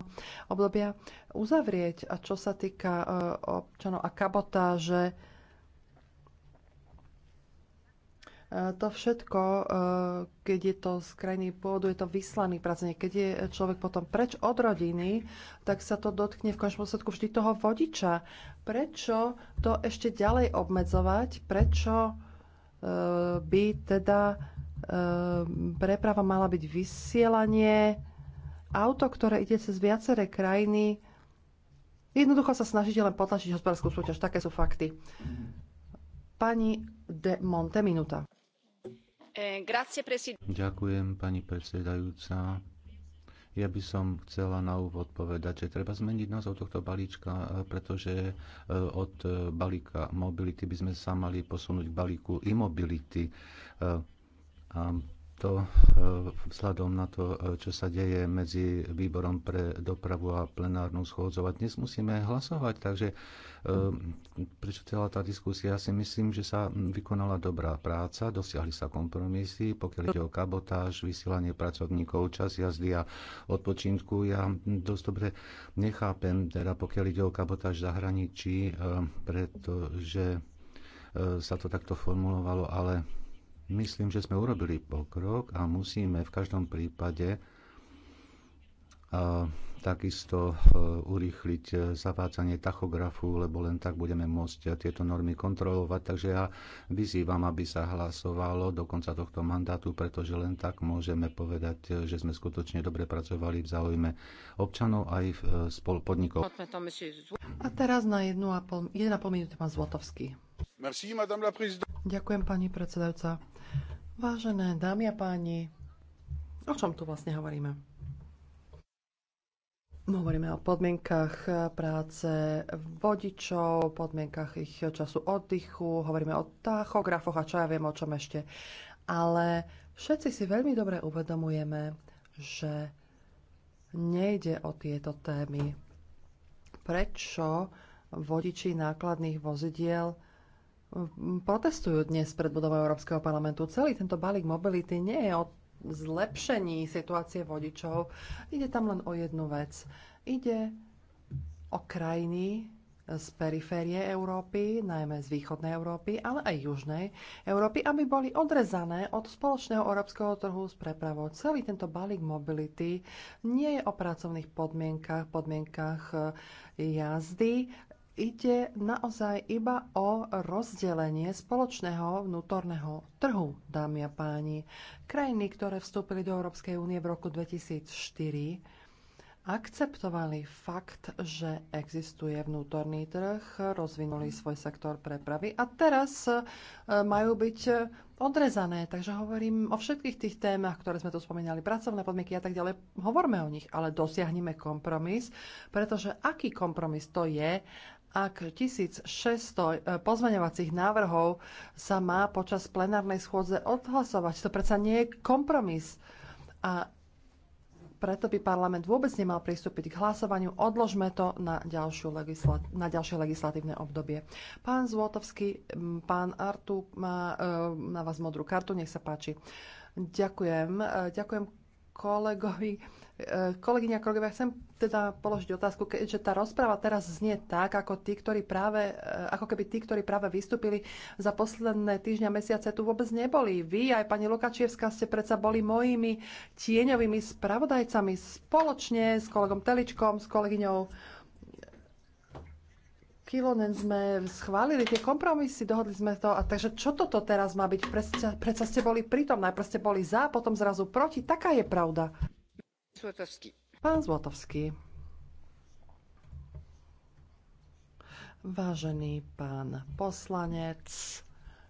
obdobia uzavrieť. A čo sa týka e, občanov a kabotáže, To všetko, e, keď je to z krajiny pôvodu, je to vyslaný pracovník. Keď je človek potom preč od rodiny, tak sa to dotkne v končnom dôsledku vždy toho vodiča. Prečo to ešte ďalej obmedzovať? Prečo e, by teda e, preprava mala byť vysielanie? Auto, ktoré ide cez viaceré krajiny, jednoducho sa snažíte len potlačiť hospodárskú súťaž. Také sú fakty. Pani de Monte Minuta. Eh, Ďakujem, pani predsedajúca. Ja by som chcela na úvod povedať, že treba zmeniť názov tohto balíčka, eh, pretože eh, od balíka mobility by sme sa mali posunúť k balíku imobility to e, vzhľadom na to, e, čo sa deje medzi výborom pre dopravu a plenárnou schôdzou. dnes musíme hlasovať, takže e, prečo celá tá diskusia, ja si myslím, že sa vykonala dobrá práca, dosiahli sa kompromisy, pokiaľ ide o kabotáž, vysielanie pracovníkov, čas jazdy a odpočinku. Ja dosť dobre nechápem, teda pokiaľ ide o kabotáž v zahraničí, pretože sa to takto formulovalo, ale Myslím, že sme urobili pokrok a musíme v každom prípade takisto e, urýchliť e, zavádzanie tachografu, lebo len tak budeme môcť e, tieto normy kontrolovať. Takže ja vyzývam, aby sa hlasovalo do konca tohto mandátu, pretože len tak môžeme povedať, že sme skutočne dobre pracovali v záujme občanov aj v spolupodnikov. A teraz na 1,5 minúty pán Zlotovský. Merci, Ďakujem, pani predsedajúca. Vážené dámy a páni, o čom tu vlastne hovoríme? Hovoríme o podmienkach eh, práce vodičov, podmienkach ich času oddychu, hovoríme o tachografoch a čo ja viem o čom ešte. Ale všetci si veľmi dobre uvedomujeme, že nejde o tieto témy. Prečo vodiči nákladných vozidiel hm, protestujú dnes pred budovou Európskeho parlamentu. Celý tento balík mobility nie je o zlepšení situácie vodičov. Ide tam len o jednu vec. Ide o krajiny z periférie Európy, najmä z východnej Európy, ale aj južnej Európy, aby boli odrezané od spoločného európskeho trhu s prepravou. Celý tento balík mobility nie je o pracovných podmienkach, podmienkach eh, jazdy, ide naozaj iba o rozdelenie spoločného vnútorného trhu, dámy a páni. Krajiny, ktoré vstúpili do Európskej únie v roku 2004, akceptovali fakt, že existuje vnútorný trh, rozvinuli svoj sektor prepravy a teraz e, majú byť odrezané. Takže hovorím o všetkých tých témach, ktoré sme tu spomínali, pracovné podmienky a tak ďalej. Hovorme o nich, ale dosiahnime kompromis, pretože aký kompromis to je, ak 1600 e, pozmeňovacích návrhov sa má počas plenárnej schôdze odhlasovať. To predsa nie je kompromis. A preto by parlament vôbec nemal pristúpiť k hlasovaniu. Odložme to na, ďalšiu legislat- na ďalšie legislatívne obdobie. Pán Zvotovský, pán Artu má e, na vás modrú kartu, nech sa páči. Ďakujem. E, ďakujem kolegovi. Eh, Kolegyňa, kolegovia, chcem teda položiť otázku, keďže tá rozpráva teraz znie tak, ako, tí, ktorí práve, eh, ako keby tí, ktorí práve vystúpili za posledné týždňa, mesiace tu vôbec neboli. Vy aj pani Lukačievská ste predsa boli mojimi tieňovými spravodajcami spoločne s kolegom Teličkom, s kolegyňou Kilonen sme schválili tie kompromisy, dohodli sme to. A takže čo toto teraz má byť? Predsa, predsa ste boli pritom, najprv ste boli za, potom zrazu proti. Taká je pravda. Zlotovský. Pán Zlotovský. Vážený pán poslanec,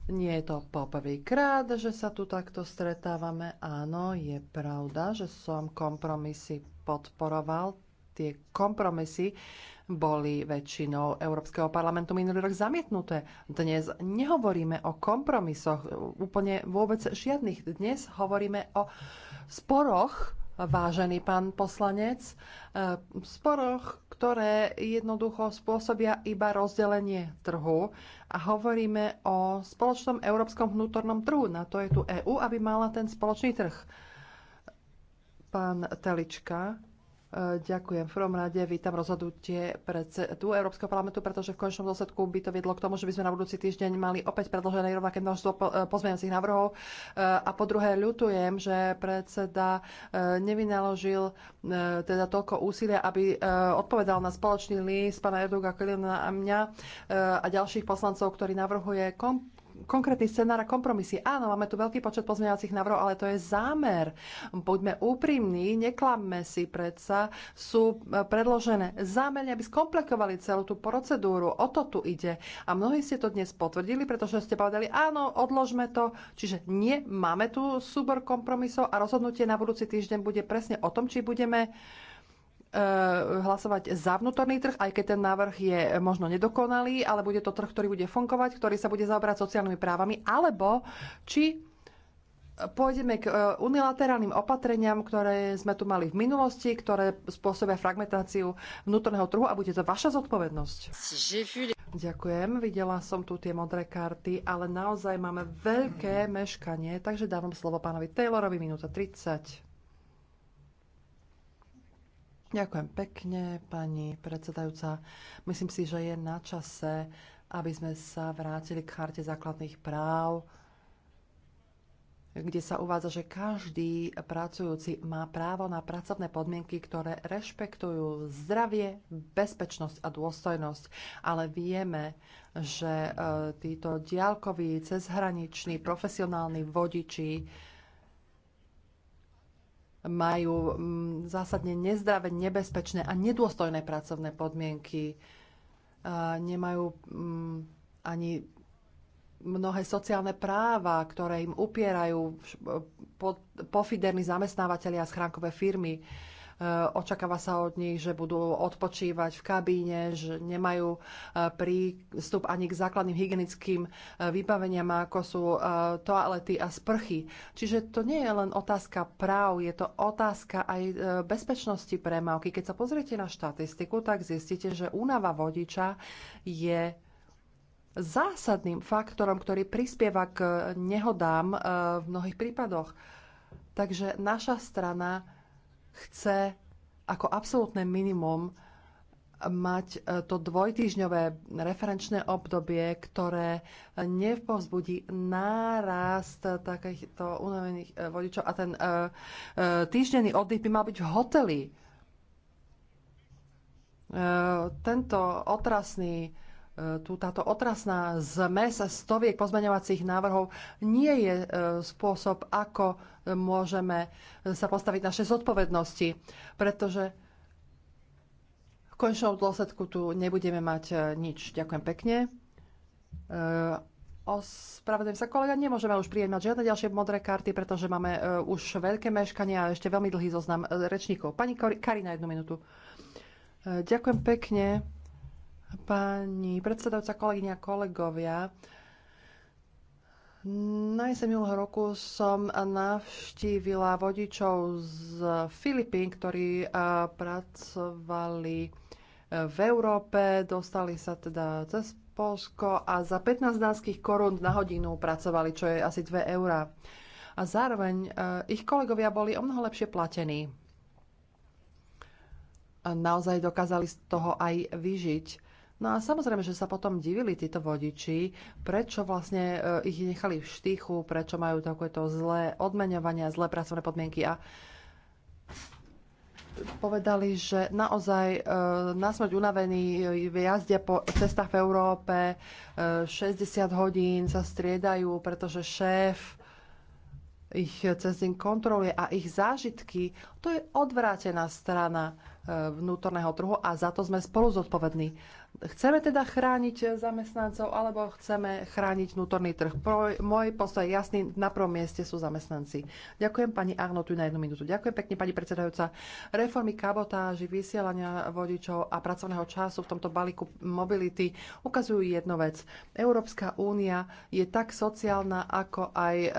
nie je to poprvýkrát, že sa tu takto stretávame. Áno, je pravda, že som kompromisy podporoval tie kompromisy boli väčšinou Európskeho parlamentu minulý rok zamietnuté. Dnes nehovoríme o kompromisoch, úplne vôbec žiadnych. Dnes hovoríme o sporoch, vážený pán poslanec, eh, sporoch, ktoré jednoducho spôsobia iba rozdelenie trhu a hovoríme o spoločnom európskom vnútornom trhu. Na to je tu EÚ, aby mala ten spoločný trh. Pán Telička, E, ďakujem. V prvom rade vítam rozhodnutie predsedu Európskeho parlamentu, pretože v končnom dôsledku by to viedlo k tomu, že by sme na budúci týždeň mali opäť predložené rovnaké množstvo e, pozmeňujúcich návrhov. E, a po druhé, ľutujem, že predseda nevynaložil teda toľko úsilia, aby odpovedal na spoločný list pána Erduga Kelina a mňa a ďalších poslancov, ktorí navrhuje konkrétny scenár a kompromisy. Áno, máme tu veľký počet pozmeňovacích návrhov, ale to je zámer. Buďme úprimní, neklamme si predsa. Sú e, predložené zámerne, aby skomplikovali celú tú procedúru. O to tu ide. A mnohí ste to dnes potvrdili, pretože ste povedali, áno, odložme to. Čiže nie, máme tu súbor kompromisov a rozhodnutie na budúci týždeň bude presne o tom, či budeme uh, Eh, hlasovať za vnútorný trh, aj keď ten návrh je možno nedokonalý, ale bude to trh, ktorý bude fungovať, ktorý sa bude zaoberať sociálnymi právami, alebo či pôjdeme k eh, unilaterálnym opatreniam, ktoré sme tu mali v minulosti, ktoré spôsobia fragmentáciu vnútorného trhu a bude to vaša zodpovednosť. Ďakujem, videla som tu tie modré karty, ale naozaj máme veľké meškanie, takže dávam slovo pánovi Taylorovi, minúta 30. Ďakujem pekne, pani predsedajúca. Myslím si, že je na čase, aby sme sa vrátili k charte základných práv, kde sa uvádza, že každý pracujúci má právo na pracovné podmienky, ktoré rešpektujú zdravie, bezpečnosť a dôstojnosť. Ale vieme, že e, títo diaľkoví, cezhraniční, profesionálni vodiči majú mm, zásadne nezdravé, nebezpečné a nedôstojné pracovné podmienky. Nemajú mm, ani mnohé sociálne práva, ktoré im upierajú pofiderní zamestnávateľi a schránkové firmy Eh, očakáva sa od nich, že budú odpočívať v kabíne, že nemajú eh, prístup ani k základným hygienickým eh, vybaveniam, ako sú toalety a sprchy. Čiže to nie je len otázka práv, je to otázka aj bezpečnosti premávky. Keď sa pozriete na štatistiku, tak zistíte, že únava vodiča je zásadným faktorom, ktorý prispieva k nehodám v mnohých prípadoch. Takže naša strana chce ako absolútne minimum mať e, to dvojtýžňové referenčné obdobie, ktoré nepovzbudí nárast takýchto unavených e, vodičov a ten e, týždenný oddych by mal byť v hoteli. Tento otrasný E, tu táto otrasná zmes stoviek pozmeňovacích návrhov nie je e, spôsob, ako môžeme sa postaviť našej zodpovednosti, pretože v končnom dôsledku tu nebudeme mať e, nič. Ďakujem pekne. Ospravedlňujem sa, kolega, nemôžeme už prijímať žiadne ďalšie modré karty, pretože máme už veľké meškanie a ešte veľmi dlhý zoznam rečníkov. Pani Karina, jednu minútu. Ďakujem pekne. Pani predsedajúca, kolegyňa, kolegovia, na jeseň minulého roku som navštívila vodičov z Filipín, ktorí eh, pracovali eh, v Európe, dostali sa teda cez Polsko a za 15 dánskych korún na hodinu pracovali, čo je asi 2 eurá. A zároveň eh, ich kolegovia boli o mnoho lepšie platení. A naozaj dokázali z toho aj vyžiť No a samozrejme, že sa potom divili títo vodiči, prečo vlastne e, ich nechali v štychu, prečo majú takéto zlé odmeňovania, zlé pracovné podmienky a povedali, že naozaj e, nasmrť unavení e, jazdia po cestách v Európe, e, 60 hodín sa striedajú, pretože šéf ich cez deň kontroluje a ich zážitky, to je odvrátená strana vnútorného trhu a za to sme spolu zodpovední. Chceme teda chrániť zamestnancov alebo chceme chrániť vnútorný trh? Pro, môj postoj je jasný, na prvom mieste sú zamestnanci. Ďakujem pani Arno, tu na jednu minútu. Ďakujem pekne pani predsedajúca. Reformy kabotáži, vysielania vodičov a pracovného času v tomto balíku mobility ukazujú jednu vec. Európska únia je tak sociálna, ako aj e,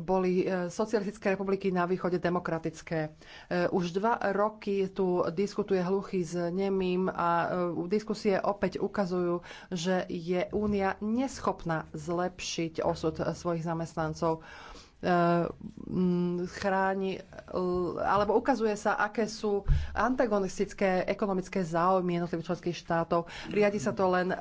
boli e, socialistické republiky na východe demokratické. E, už dva roky tu diskutuje hluchý s nemým a e, diskusie opäť ukazujú, že je únia neschopná zlepšiť osud svojich zamestnancov chráni alebo ukazuje sa, aké sú antagonistické ekonomické záujmy jednotlivých členských štátov. Riadi sa to len